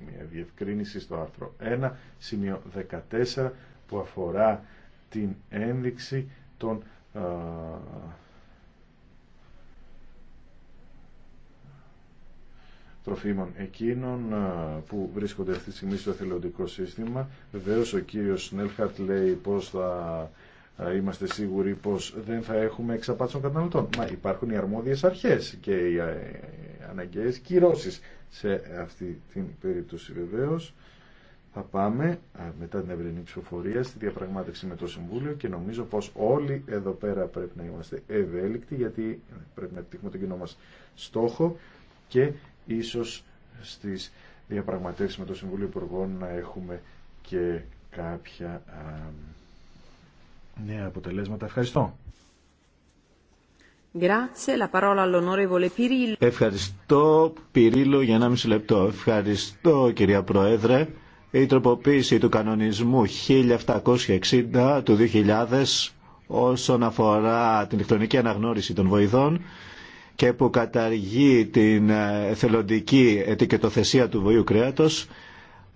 C: μια διευκρίνηση στο άρθρο 1 σημείο 14 που αφορά την ένδειξη των τροφίμων εκείνων που βρίσκονται αυτή τη στιγμή στο εθελοντικό σύστημα. Βεβαίω ο κύριος Νέλχαρτ λέει πώς θα είμαστε σίγουροι πως δεν θα έχουμε εξαπάτηση των καταναλωτών. Μα υπάρχουν οι αρμόδιες αρχές και οι αναγκαίες κυρώσεις σε αυτή την περίπτωση βεβαίω. Θα πάμε μετά την ευρυνή ψηφοφορία στη διαπραγμάτευση με το Συμβούλιο και νομίζω πως όλοι εδώ πέρα πρέπει να είμαστε ευέλικτοι γιατί πρέπει να επιτύχουμε τον κοινό μας στόχο και ίσως στις διαπραγματεύσεις με το Συμβούλιο Υπουργών να έχουμε και κάποια νέα αποτελέσματα. Ευχαριστώ.
A: Ευχαριστώ, Πυρίλο, για 1,5 λεπτό. Ευχαριστώ, κυρία Πρόεδρε. Η τροποποίηση του κανονισμού 1760 του 2000 όσον αφορά την ηλεκτρονική αναγνώριση των βοηθών και που καταργεί την ε, εθελοντική ετικετοθεσία του βοήου κρέατος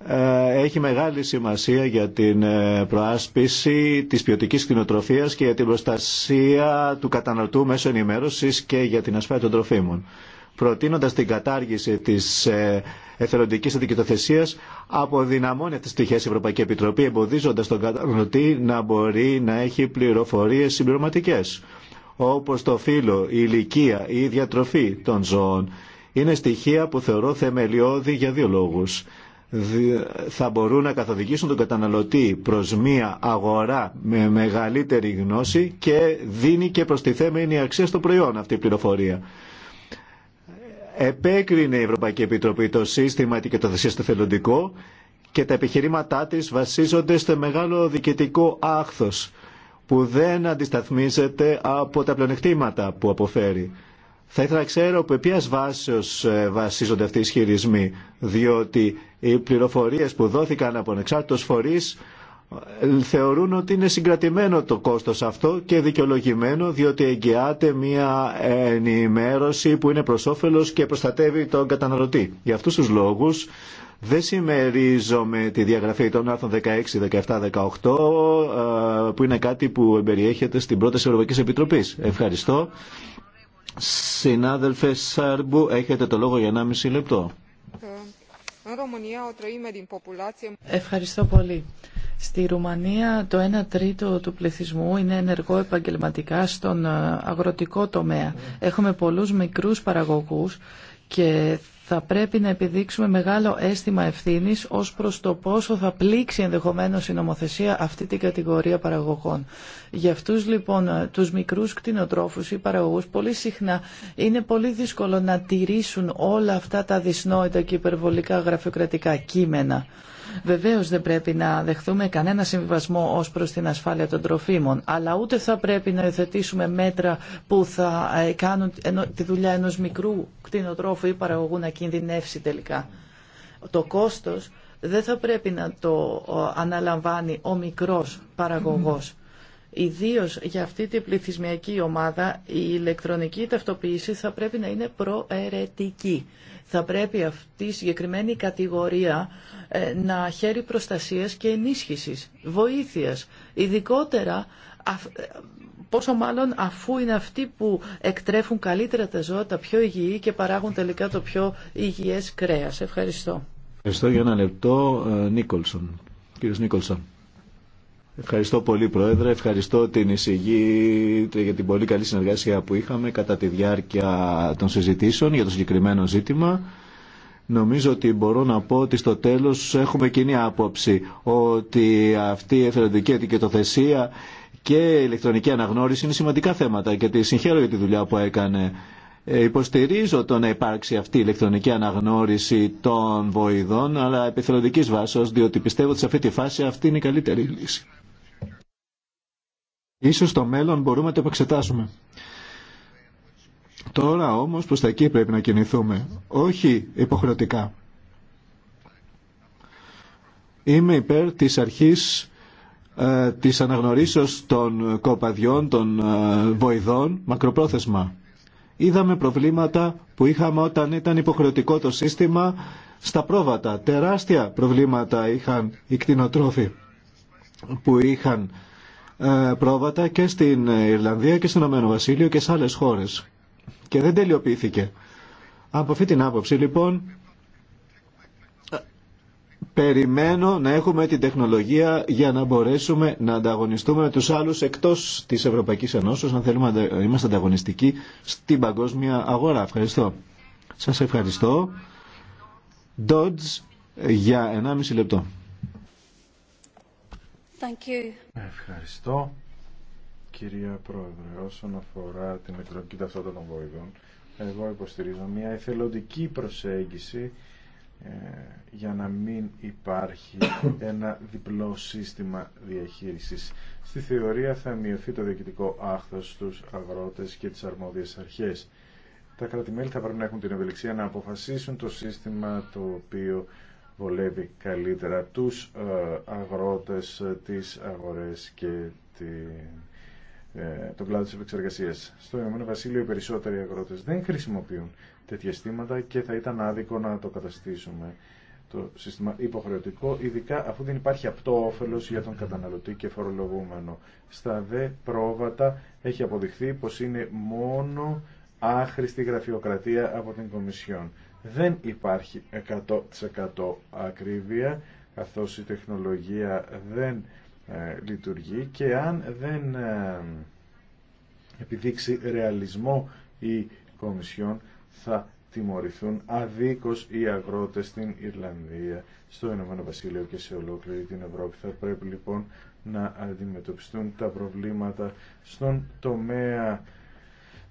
A: ε, έχει μεγάλη σημασία για την ε, προάσπιση της ποιοτικής κτηνοτροφίας και για την προστασία του καταναλωτού μέσω ενημέρωσης και για την ασφάλεια των τροφίμων. Προτείνοντας την κατάργηση της εθελοντικής αντικειτοθεσίας, αποδυναμώνει αυτές τις στοιχές η Ευρωπαϊκή Επιτροπή, εμποδίζοντας τον καταναλωτή να μπορεί να έχει πληροφορίες συμπληρωματικές όπως το φύλλο, η ηλικία ή η διατροφή των ζώων είναι στοιχεία που θεωρώ θεμελιώδη για δύο λόγους. Θα μπορούν να καθοδηγήσουν τον καταναλωτή προς μία αγορά με μεγαλύτερη γνώση και δίνει και προστιθέμενη αξία στο προϊόν αυτή πληροφορία. Επέκρινε η Ευρωπαϊκή Επιτροπή το σύστημα ετικετοθεσίας στο προιον αυτη η πληροφορια επεκρινε η ευρωπαικη επιτροπη το συστημα ετικετοθεσία στο θελοντικο και τα επιχειρήματά της βασίζονται στο μεγάλο διοικητικό άχθος που δεν αντισταθμίζεται από τα πλεονεκτήματα που αποφέρει. Θα ήθελα να ξέρω από ποιας βάσης ε, βασίζονται αυτοί οι ισχυρισμοί, διότι οι πληροφορίες που δόθηκαν από ανεξάρτητος φορείς ε, θεωρούν ότι είναι συγκρατημένο το κόστος αυτό και δικαιολογημένο διότι εγγυάται μια ενημέρωση που είναι προς όφελος και προστατεύει τον καταναλωτή. Για αυτούς τους λόγους δεν συμμερίζομαι τη διαγραφή των άρθρων 16, 17, 18 που είναι κάτι που εμπεριέχεται στην πρώτη Ευρωπαϊκή Επιτροπή. Ευχαριστώ. Συνάδελφε Σάρμπου, έχετε το λόγο για 1,5 λεπτό.
B: Ευχαριστώ πολύ. Στη Ρουμανία το 1 τρίτο του πληθυσμού είναι ενεργό επαγγελματικά στον ε, αγροτικό τομέα. Έχουμε πολλούς μικρούς παραγωγούς και θα πρέπει να επιδείξουμε μεγάλο αίσθημα ευθύνη ως προς το πόσο θα πλήξει ενδεχομένω η νομοθεσία αυτή την κατηγορία παραγωγών. Για αυτούς λοιπόν ε, τους μικρούς κτηνοτρόφους ή παραγωγούς πολύ συχνά είναι πολύ δύσκολο να τηρήσουν όλα αυτά τα δυσνόητα και υπερβολικά γραφειοκρατικά κείμενα. Βεβαίως δεν πρέπει να δεχθούμε κανένα συμβιβασμό ως προς την ασφάλεια των τροφίμων, αλλά ούτε θα πρέπει να υιοθετήσουμε μέτρα που θα ε, κάνουν τη δουλειά ενό μικρού κτηνοτρόφου ή παραγωγού να κινδυνεύσει τελικά. Το κόστος δεν θα πρέπει να το αναλαμβάνει ο μικρός παραγωγός. Ιδίω για αυτή την πληθυσμιακή ομάδα η ηλεκτρονική ταυτοποίηση θα πρέπει να είναι προαιρετική. Θα πρέπει αυτή η συγκεκριμένη κατηγορία ε, να χαίρει προστασίας και ενίσχυσης, βοήθειας, ειδικότερα ε, πόσο μάλλον αφού είναι αυτοί που εκτρέφουν καλύτερα τα ζώα, τα πιο υγιή και παράγουν τελικά το πιο υγιές κρέας. Ευχαριστώ.
A: Ευχαριστώ για ένα λεπτό, ε, Νίκολσον. Κύριος Νίκολσον. Ευχαριστώ πολύ Πρόεδρε, ευχαριστώ την εισηγή για την πολύ καλή συνεργασία που είχαμε κατά τη διάρκεια των συζητήσεων για το συγκεκριμένο ζήτημα. Νομίζω ότι μπορώ να πω ότι στο τέλος έχουμε κοινή άποψη ότι αυτή η εθελοντική ετικετοθεσία και η ηλεκτρονική αναγνώριση είναι σημαντικά θέματα και τη συγχαίρω για τη δουλειά που έκανε. Ε, υποστηρίζω το να υπάρξει αυτή η ηλεκτρονική αναγνώριση των βοηδών αλλά επιθελοντικής βάσεως διότι πιστεύω ότι σε αυτή τη φάση αυτή είναι η καλύτερη λύση. Ίσως στο μέλλον μπορούμε να το επεξετάσουμε. Τώρα όμως προς τα εκεί πρέπει να κινηθούμε, όχι υποχρεωτικά. Είμαι υπέρ της αρχής ε, της αναγνωρίσεως των κοπαδιών, των ε, βοηδών, μακροπρόθεσμα. Είδαμε προβλήματα που είχαμε όταν ήταν υποχρεωτικό το σύστημα στα πρόβατα. Τεράστια προβλήματα είχαν οι κτηνοτρόφοι που είχαν ε, πρόβατα και στην Ιρλανδία και στον Ηνωμένο Βασίλειο και σε άλλες χώρες. Και δεν τελειοποιήθηκε. Από αυτή την άποψη λοιπόν ε, περιμένω να έχουμε την τεχνολογία για να μπορέσουμε να ανταγωνιστούμε με τους άλλους εκτός της Ευρωπαϊκής Ενώσεως αν θέλουμε να είμαστε ανταγωνιστικοί στην παγκόσμια αγορά. Ευχαριστώ. Σας ευχαριστώ. για 1,5 λεπτό. Thank you.
C: Ευχαριστώ. Κυρία
A: Πρόεδρε, όσον
C: αφορά την ηλεκτρονική ταυτότητα των βοηθών, εγώ υποστηρίζω μια εθελοντική προσέγγιση ε, για να μην υπάρχει ένα διπλό σύστημα διαχείρισης. Στη θεωρία θα μειωθεί το διοικητικό άχθος στους αγρότες και τις αρμόδιες αρχές. Τα κρατημέλη θα πρέπει να έχουν την ευελιξία να αποφασίσουν το σύστημα το οποίο βολεύει καλύτερα τους ε, αγρότες, ε, τις αγορές και τη, ε, τον κλάδο της επεξεργασίας. Στο Ηνωμένο Βασίλειο οι περισσότεροι αγρότες δεν χρησιμοποιούν τέτοια στήματα και θα ήταν άδικο να το καταστήσουμε το σύστημα υποχρεωτικό, ειδικά αφού δεν υπάρχει απτό όφελο για τον καταναλωτή και φορολογούμενο. Στα δε πρόβατα έχει αποδειχθεί πω είναι μόνο άχρηστη γραφειοκρατία από την Κομισιόν δεν υπάρχει 100% ακρίβεια καθώς η τεχνολογία δεν ε, λειτουργεί και αν δεν ε, επιδείξει ρεαλισμό η Κομισιόν θα τιμωρηθούν αδίκως οι αγρότες στην Ιρλανδία, στο Ηνωμένο Βασίλειο και σε ολόκληρη την Ευρώπη. Θα πρέπει λοιπόν να αντιμετωπιστούν τα προβλήματα στον τομέα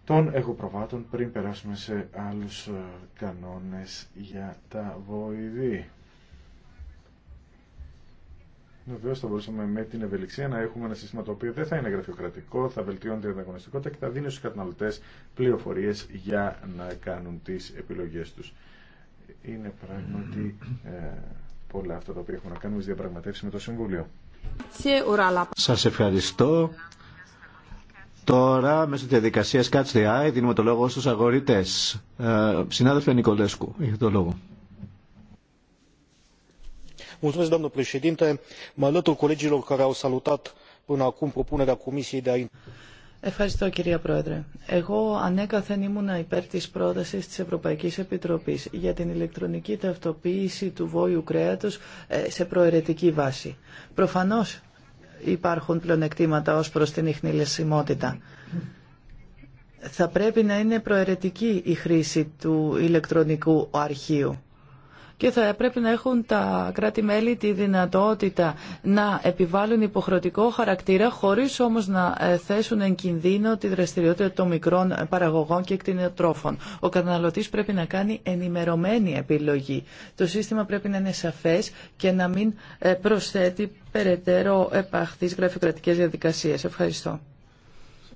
C: των εγωπροβάτων πριν περάσουμε σε άλλους ε, κανόνες για τα βοηδή. Βεβαίω θα μπορούσαμε με την ευελιξία να έχουμε ένα σύστημα το οποίο δεν θα είναι γραφειοκρατικό, θα βελτιώνει την ανταγωνιστικότητα και θα δίνει στους καταναλωτέ πληροφορίε για να κάνουν τι επιλογέ του. Είναι πράγματι ε, πολλά αυτά τα οποία έχουμε να κάνουμε στι διαπραγματεύσει με το Συμβούλιο.
A: Σα ευχαριστώ. Τώρα, μέσω τη διαδικασία Catch the Eye, δίνουμε το λόγο στου αγορητέ. Ε, συνάδελφε Νικολέσκου, έχετε το λόγο. președinte. colegilor care au salutat până acum propunerea Comisiei de
B: Ευχαριστώ κυρία Πρόεδρε. Εγώ ανέκαθεν ήμουν υπέρ της πρότασης της Ευρωπαϊκής Επιτροπής για την ηλεκτρονική ταυτοποίηση του βόλιου κρέατος ε, σε προαιρετική βάση. Προφανώς υπάρχουν πλεονεκτήματα ως προς την ιχνηλεσιμότητα. Θα πρέπει να είναι προαιρετική η χρήση του ηλεκτρονικού αρχείου και θα πρέπει να έχουν τα κράτη-μέλη τη δυνατότητα να επιβάλλουν υποχρεωτικό χαρακτήρα χωρίς όμως να ε, θέσουν εν κινδύνο τη δραστηριότητα των μικρών παραγωγών και κτηνοτρόφων. Ο καταναλωτής πρέπει να κάνει ενημερωμένη επιλογή. Το σύστημα πρέπει να είναι σαφές και να μην ε, προσθέτει περαιτέρω επαχθείς γραφειοκρατικές διαδικασίες. Ευχαριστώ.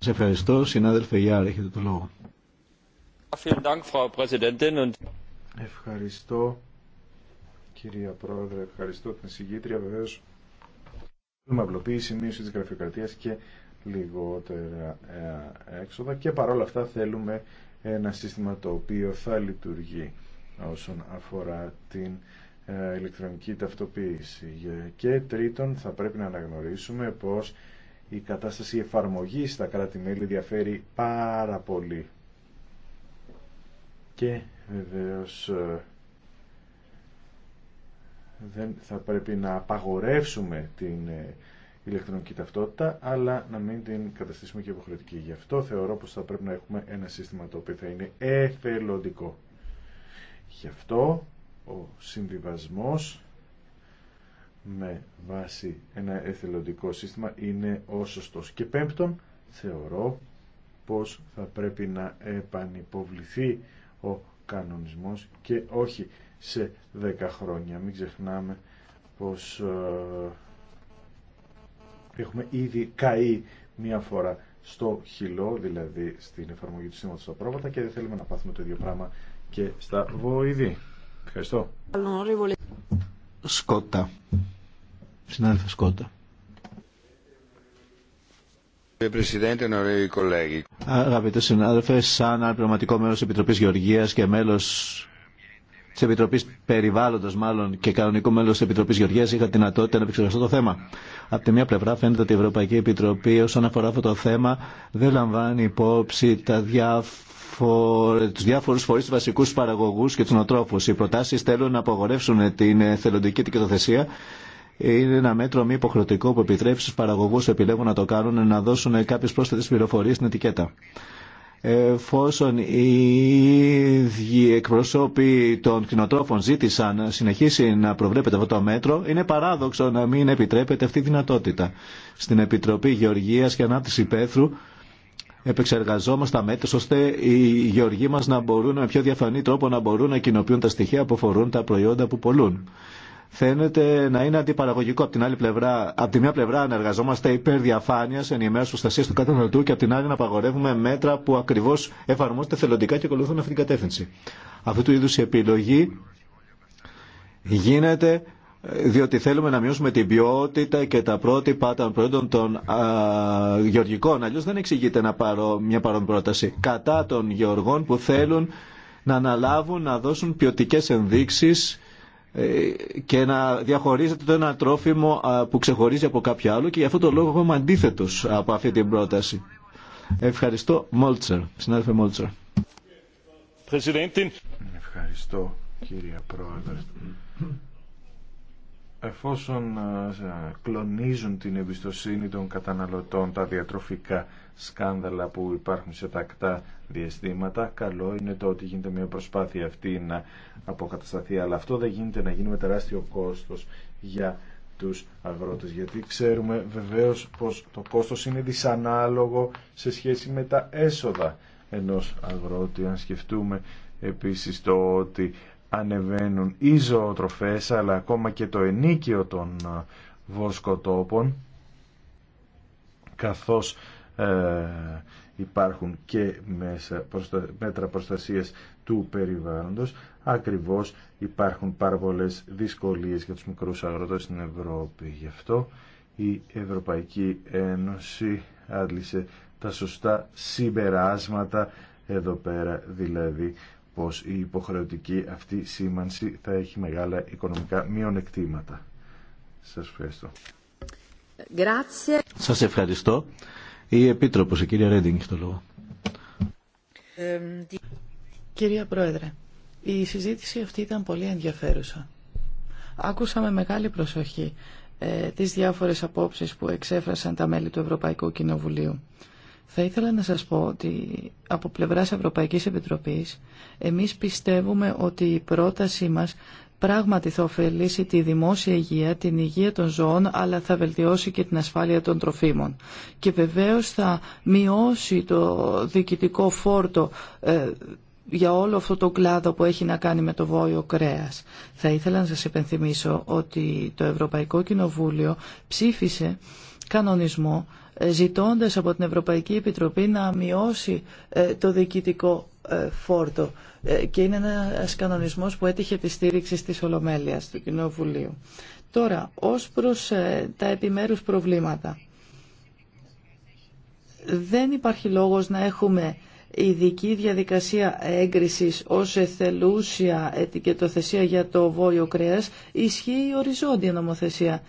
A: ευχαριστώ. έχετε λόγο.
C: Ευχαριστώ κυρία Πρόεδρε, ευχαριστώ την συγγήτρια. Βεβαίως, θέλουμε απλοποίηση, μείωση της γραφειοκρατίας και λιγότερα ε, έξοδα και παρόλα αυτά θέλουμε ένα σύστημα το οποίο θα λειτουργεί όσον αφορά την ε, ηλεκτρονική ταυτοποίηση. Και τρίτον, θα πρέπει να αναγνωρίσουμε πως η κατάσταση εφαρμογή στα κράτη-μέλη διαφέρει πάρα πολύ. Και βεβαίως ε, δεν θα πρέπει να απαγορεύσουμε την ε, ηλεκτρονική ταυτότητα, αλλά να μην την καταστήσουμε και υποχρεωτική. Γι' αυτό θεωρώ πως θα πρέπει να έχουμε ένα σύστημα το οποίο θα είναι εθελοντικό. Γι' αυτό ο συμβιβασμός με βάση ένα εθελοντικό σύστημα είναι ο σωστός. Και πέμπτον, θεωρώ πως θα πρέπει να επανυποβληθεί ο κανονισμός και όχι σε 10 χρόνια. Μην ξεχνάμε πως ε, έχουμε ήδη καεί μία φορά στο χυλό, δηλαδή στην εφαρμογή του σύμματος στα πρόβατα και δεν θέλουμε να πάθουμε το ίδιο πράγμα και στα βοηθή. Ευχαριστώ.
A: Σκότα. Συνάδελφε Σκότα. Αγαπητέ συνάδελφε, σαν πνευματικό μέλο τη Επιτροπή Γεωργία και μέλο τη Επιτροπή Περιβάλλοντο, μάλλον και κανονικό μέλο τη Επιτροπή Γεωργία, είχα δυνατότητα να επεξεργαστώ το θέμα. Από τη μία πλευρά φαίνεται ότι η Ευρωπαϊκή Επιτροπή όσον αφορά αυτό το θέμα δεν λαμβάνει υπόψη τα διάφορα τους διάφορους φορείς, του βασικούς παραγωγούς και του νοτρόφου. Οι προτάσει θέλουν να απογορεύσουν την θελοντική τικετοθεσία είναι ένα μέτρο μη υποχρεωτικό που επιτρέπει στου παραγωγού που επιλέγουν να το κάνουν να δώσουν κάποιε πρόσθετε πληροφορίε στην ετικέτα εφόσον οι ίδιοι εκπροσώποι των κοινοτρόφων ζήτησαν να συνεχίσει να προβλέπεται αυτό το μέτρο, είναι παράδοξο να μην επιτρέπεται αυτή η δυνατότητα. Στην Επιτροπή Γεωργίας και Ανάπτυξη Πέθρου επεξεργαζόμαστε μέτρα ώστε οι γεωργοί μας να μπορούν με πιο διαφανή τρόπο να μπορούν να κοινοποιούν τα στοιχεία που αφορούν τα προϊόντα που πολλούν φαίνεται να είναι αντιπαραγωγικό. Από την, άλλη πλευρά, από τη μια πλευρά να εργαζόμαστε υπέρ διαφάνεια, ενημέρωση προστασία του καταναλωτού και από την άλλη να απαγορεύουμε μέτρα που ακριβώ εφαρμόζονται θελοντικά και ακολουθούν αυτή την κατεύθυνση. Αυτού του είδου η επιλογή γίνεται ε, διότι θέλουμε να μειώσουμε την ποιότητα και τα πρότυπα των προϊόντων των α, γεωργικών. Αλλιώ δεν εξηγείται να πάρω μια παρόν πρόταση. Κατά των γεωργών που θέλουν να αναλάβουν, να δώσουν ποιοτικέ ενδείξει ε, και να διαχωρίζεται το ένα τρόφιμο που ξεχωρίζει από κάποιο άλλο και γι' αυτό το λόγο έχουμε είμαι αντίθετο από αυτή την πρόταση. Ευχαριστώ, Μόλτσερ. Συνάδελφε Μόλτσερ.
C: Ευχαριστώ, κύριε Πρόεδρε εφόσον ε, κλονίζουν την εμπιστοσύνη των καταναλωτών τα διατροφικά σκάνδαλα που υπάρχουν σε τακτά διαστήματα, καλό είναι το ότι γίνεται μια προσπάθεια αυτή να αποκατασταθεί, αλλά αυτό δεν γίνεται να γίνει με τεράστιο κόστος για τους αγρότες, γιατί ξέρουμε βεβαίως πως το κόστος είναι δυσανάλογο σε σχέση με τα έσοδα ενός αγρότη, αν σκεφτούμε επίσης το ότι ανεβαίνουν οι ζωοτροφές αλλά ακόμα και το ενίκιο των ε, βοσκοτόπων καθώς ε, υπάρχουν και μέσα μέτρα προστασίας του περιβάλλοντος ακριβώς υπάρχουν πάρα πολλές δυσκολίες για τους μικρούς αγρότες στην Ευρώπη γι' αυτό η Ευρωπαϊκή Ένωση άντλησε τα σωστά συμπεράσματα εδώ πέρα δηλαδή πως η υποχρεωτική αυτή σήμανση θα έχει μεγάλα οικονομικά μειονεκτήματα. Σας ευχαριστώ.
A: Σας ευχαριστώ. Η Επίτροπος, η κυρία Ρέντινγκ, το λόγο.
B: Κυρία Πρόεδρε, η συζήτηση αυτή ήταν πολύ ενδιαφέρουσα. Άκουσα με μεγάλη προσοχή ε, τις διάφορες απόψεις που εξέφρασαν τα μέλη του Ευρωπαϊκού Κοινοβουλίου. Θα ήθελα να σας πω ότι από πλευράς Ευρωπαϊκής Επιτροπής εμείς πιστεύουμε ότι η πρότασή μας πράγματι θα ωφελήσει τη δημόσια υγεία, την υγεία των ζώων, αλλά θα βελτιώσει και την ασφάλεια των τροφίμων. Και βεβαίως θα μειώσει το διοικητικό φόρτο ε, για όλο αυτό το κλάδο που έχει να κάνει με το βόλιο κρέας. Θα ήθελα να σας επενθυμίσω ότι το Ευρωπαϊκό Κοινοβούλιο ψήφισε κανονισμό ζητώντας από την Ευρωπαϊκή Επιτροπή να μειώσει ε, το διοικητικό ε, φόρτο ε, και είναι ένας κανονισμός που έτυχε τη στήριξη της Ολομέλειας του Κοινοβουλίου. Τώρα, ως προς τα επιμέρους προβλήματα. Δεν υπάρχει λόγος να έχουμε ειδική διαδικασία έγκρισης ως εθελούσια ετικετοθεσία για το βόλιο κρέας. Ισχύει η οριζόντια νομοθεσία.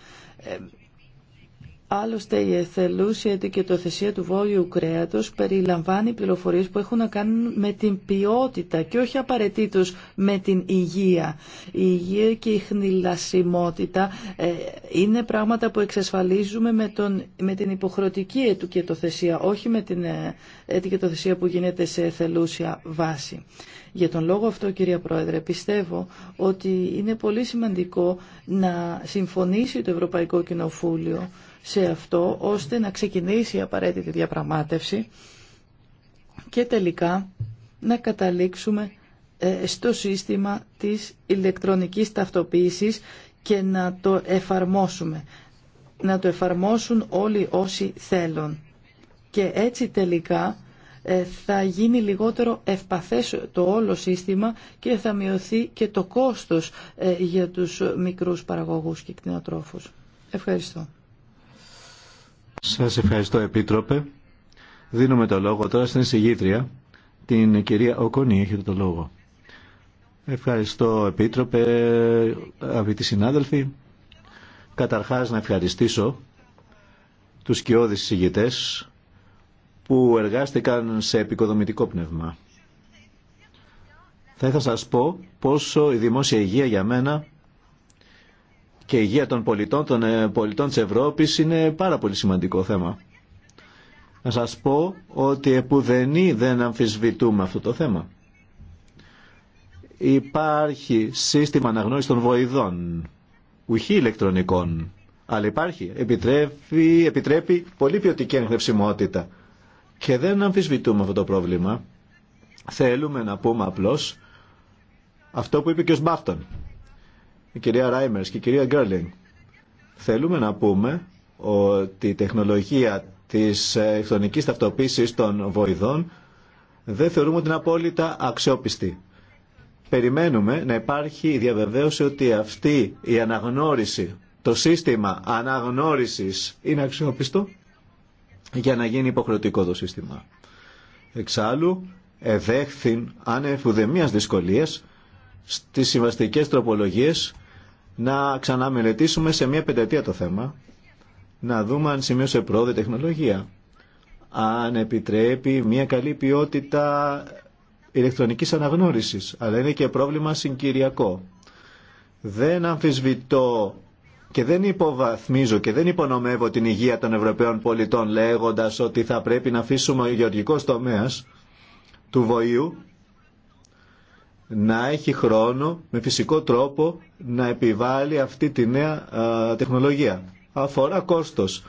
B: Άλλωστε η εθελούσια ετικετοθεσία του βόρειου κρέατος περιλαμβάνει πληροφορίες που έχουν να κάνουν με την ποιότητα και όχι απαραίτητο με την υγεία. Η υγεία και η χνηλασιμότητα ε, είναι πράγματα που εξασφαλίζουμε με, τον, με την υποχρεωτική ετικετοθεσία, όχι με την ε, ετικετοθεσία που γίνεται σε εθελούσια βάση. Για τον λόγο αυτό, κυρία Πρόεδρε, πιστεύω ότι είναι πολύ σημαντικό να συμφωνήσει το Ευρωπαϊκό Κοινοβούλιο σε αυτό ώστε να ξεκινήσει η απαραίτητη διαπραγμάτευση και τελικά να καταλήξουμε ε, στο σύστημα της ηλεκτρονικής ταυτοποίησης και να το εφαρμόσουμε. Να το εφαρμόσουν όλοι όσοι θέλουν. Και έτσι τελικά ε, θα γίνει λιγότερο ευπαθές το όλο σύστημα και θα μειωθεί και το κόστος ε, για τους μικρούς παραγωγούς και κτηνοτρόφους. Ευχαριστώ.
A: Σας ευχαριστώ Επίτροπε. Δίνουμε το λόγο τώρα στην εισηγήτρια, την κυρία Οκονή, έχετε το λόγο. Ευχαριστώ Επίτροπε, αγαπητοί συνάδελφοι. Καταρχάς να ευχαριστήσω τους κοιόδης εισηγητές που εργάστηκαν σε επικοδομητικό πνεύμα. Θα ήθελα σας πω πόσο η δημόσια υγεία για μένα και η υγεία των πολιτών, των ε, πολιτών της Ευρώπης είναι πάρα πολύ σημαντικό θέμα. Να σας πω ότι επουδενή δεν αμφισβητούμε αυτό το θέμα. Υπάρχει σύστημα αναγνώρισης των βοηδών, ουχή ηλεκτρονικών, αλλά υπάρχει, επιτρέπει, επιτρέπει πολύ ποιοτική ανεχνευσιμότητα. Και δεν αμφισβητούμε αυτό το πρόβλημα. Θέλουμε να πούμε απλώς αυτό που είπε και ο Σμπάφτον η κυρία Ράιμερς και η κυρία Γκέρλινγκ. Θέλουμε να πούμε ότι η τεχνολογία της ηλεκτρονικής ταυτοποίησης των βοηδών δεν θεωρούμε ότι είναι απόλυτα αξιόπιστη. Περιμένουμε να υπάρχει η διαβεβαίωση ότι αυτή η αναγνώριση, το σύστημα αναγνώρισης είναι αξιόπιστο για να γίνει υποχρεωτικό το σύστημα. Εξάλλου, εδέχθην ανεφουδεμίας δυσκολίες στις συμβαστικές τροπολογίες να ξαναμελετήσουμε σε μια πενταετία το θέμα, να δούμε αν σημείωσε πρόοδο τεχνολογία, αν επιτρέπει μια καλή ποιότητα ηλεκτρονικής αναγνώρισης, αλλά είναι και πρόβλημα συγκυριακό. Δεν αμφισβητώ και δεν υποβαθμίζω και δεν υπονομεύω την υγεία των Ευρωπαίων πολιτών λέγοντας ότι θα πρέπει να αφήσουμε ο γεωργικός τομέας του βοήου να έχει χρόνο με φυσικό τρόπο να επιβάλλει αυτή τη νέα τεχνολογία. Αφορά κόστος.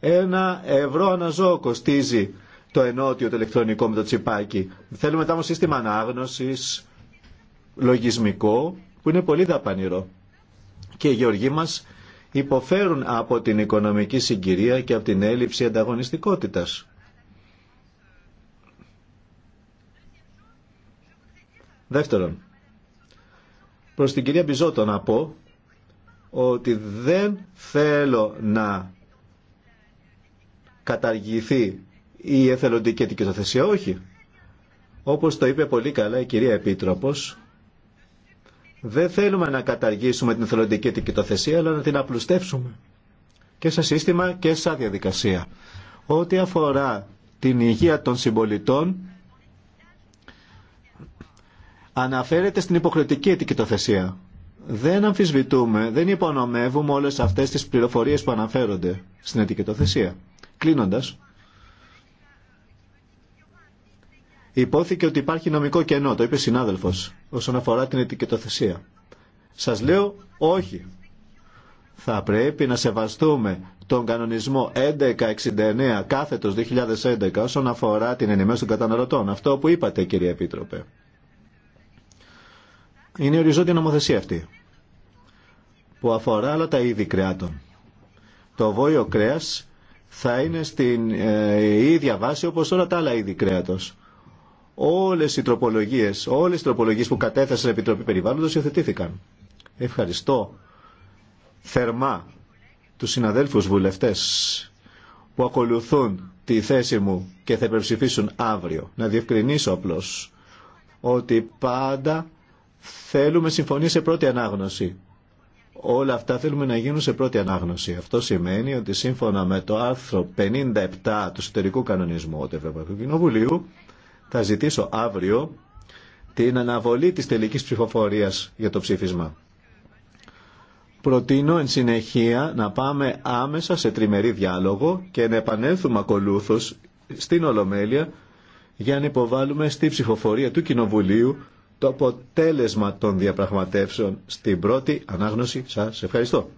A: Ένα ευρώ αναζώο κοστίζει το ενότιο το ηλεκτρονικό με το τσιπάκι. Θέλουμε μετά σύστημα ανάγνωσης, λογισμικό, που είναι πολύ δαπανηρό. Και οι γεωργοί μας υποφέρουν από την οικονομική συγκυρία και από την έλλειψη ανταγωνιστικότητας. Δεύτερον, προς την κυρία Μπιζότο να πω ότι δεν θέλω να καταργηθεί η εθελοντική ετικετοθεσία, όχι. Όπως το είπε πολύ καλά η κυρία Επίτροπος, δεν θέλουμε να καταργήσουμε την εθελοντική ετικετοθεσία, αλλά να την απλουστεύσουμε και σε σύστημα και σαν διαδικασία. Ό,τι αφορά την υγεία των συμπολιτών, αναφέρεται στην υποχρεωτική ετικητοθεσία. Δεν αμφισβητούμε, δεν υπονομεύουμε όλες αυτές τις πληροφορίες που αναφέρονται στην ετικετοθεσία. Κλείνοντας, υπόθηκε ότι υπάρχει νομικό κενό, το είπε συνάδελφος, όσον αφορά την ετικετοθεσία. Σας λέω όχι. Θα πρέπει να σεβαστούμε τον κανονισμό 1169 κάθετος 2011 όσον αφορά την ενημέρωση των καταναλωτών. Αυτό που είπατε κύριε Επίτροπε. Είναι η οριζόντια νομοθεσία αυτή που αφορά όλα τα είδη κρεάτων. Το βόλιο κρέας θα είναι στην ε, ίδια βάση όπως όλα τα άλλα είδη κρέατος. Όλες οι τροπολογίες, όλες οι τροπολογίες που κατέθεσε η Επιτροπή Περιβάλλοντος υιοθετήθηκαν. Ευχαριστώ θερμά τους συναδέλφους βουλευτές που ακολουθούν τη θέση μου και θα υπερψηφίσουν αύριο. Να διευκρινίσω απλώς ότι πάντα Θέλουμε συμφωνία σε πρώτη ανάγνωση. Όλα αυτά θέλουμε να γίνουν σε πρώτη ανάγνωση. Αυτό σημαίνει ότι σύμφωνα με το άρθρο 57 του εσωτερικού κανονισμού του Ευρωπαϊκού Κοινοβουλίου θα ζητήσω αύριο την αναβολή της τελικής ψηφοφορίας για το ψήφισμα. Προτείνω εν συνεχεία να πάμε άμεσα σε τριμερή διάλογο και να επανέλθουμε ακολούθως στην Ολομέλεια για να υποβάλουμε στη ψηφοφορία του Κοινοβουλίου το αποτέλεσμα των διαπραγματεύσεων στην πρώτη ανάγνωση. Σας ευχαριστώ.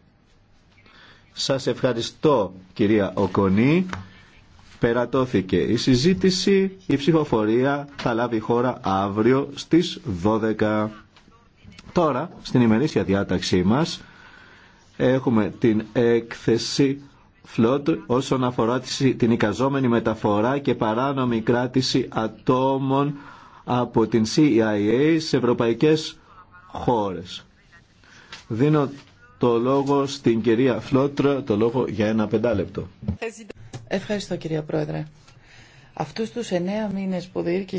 A: Σας ευχαριστώ κυρία Οκονή. Περατώθηκε η συζήτηση, η ψηφοφορία θα λάβει χώρα αύριο στις 12. Τώρα, στην ημερήσια διάταξή μας, έχουμε την έκθεση Φλότ όσον αφορά την εικαζόμενη μεταφορά και παράνομη κράτηση ατόμων από την CIA σε ευρωπαϊκές χώρες. Δίνω το λόγο στην κυρία Φλότρα, το λόγο για ένα πεντάλεπτο.
B: Ευχαριστώ κυρία Πρόεδρε. Αυτούς τους εννέα μήνες που διήρκησε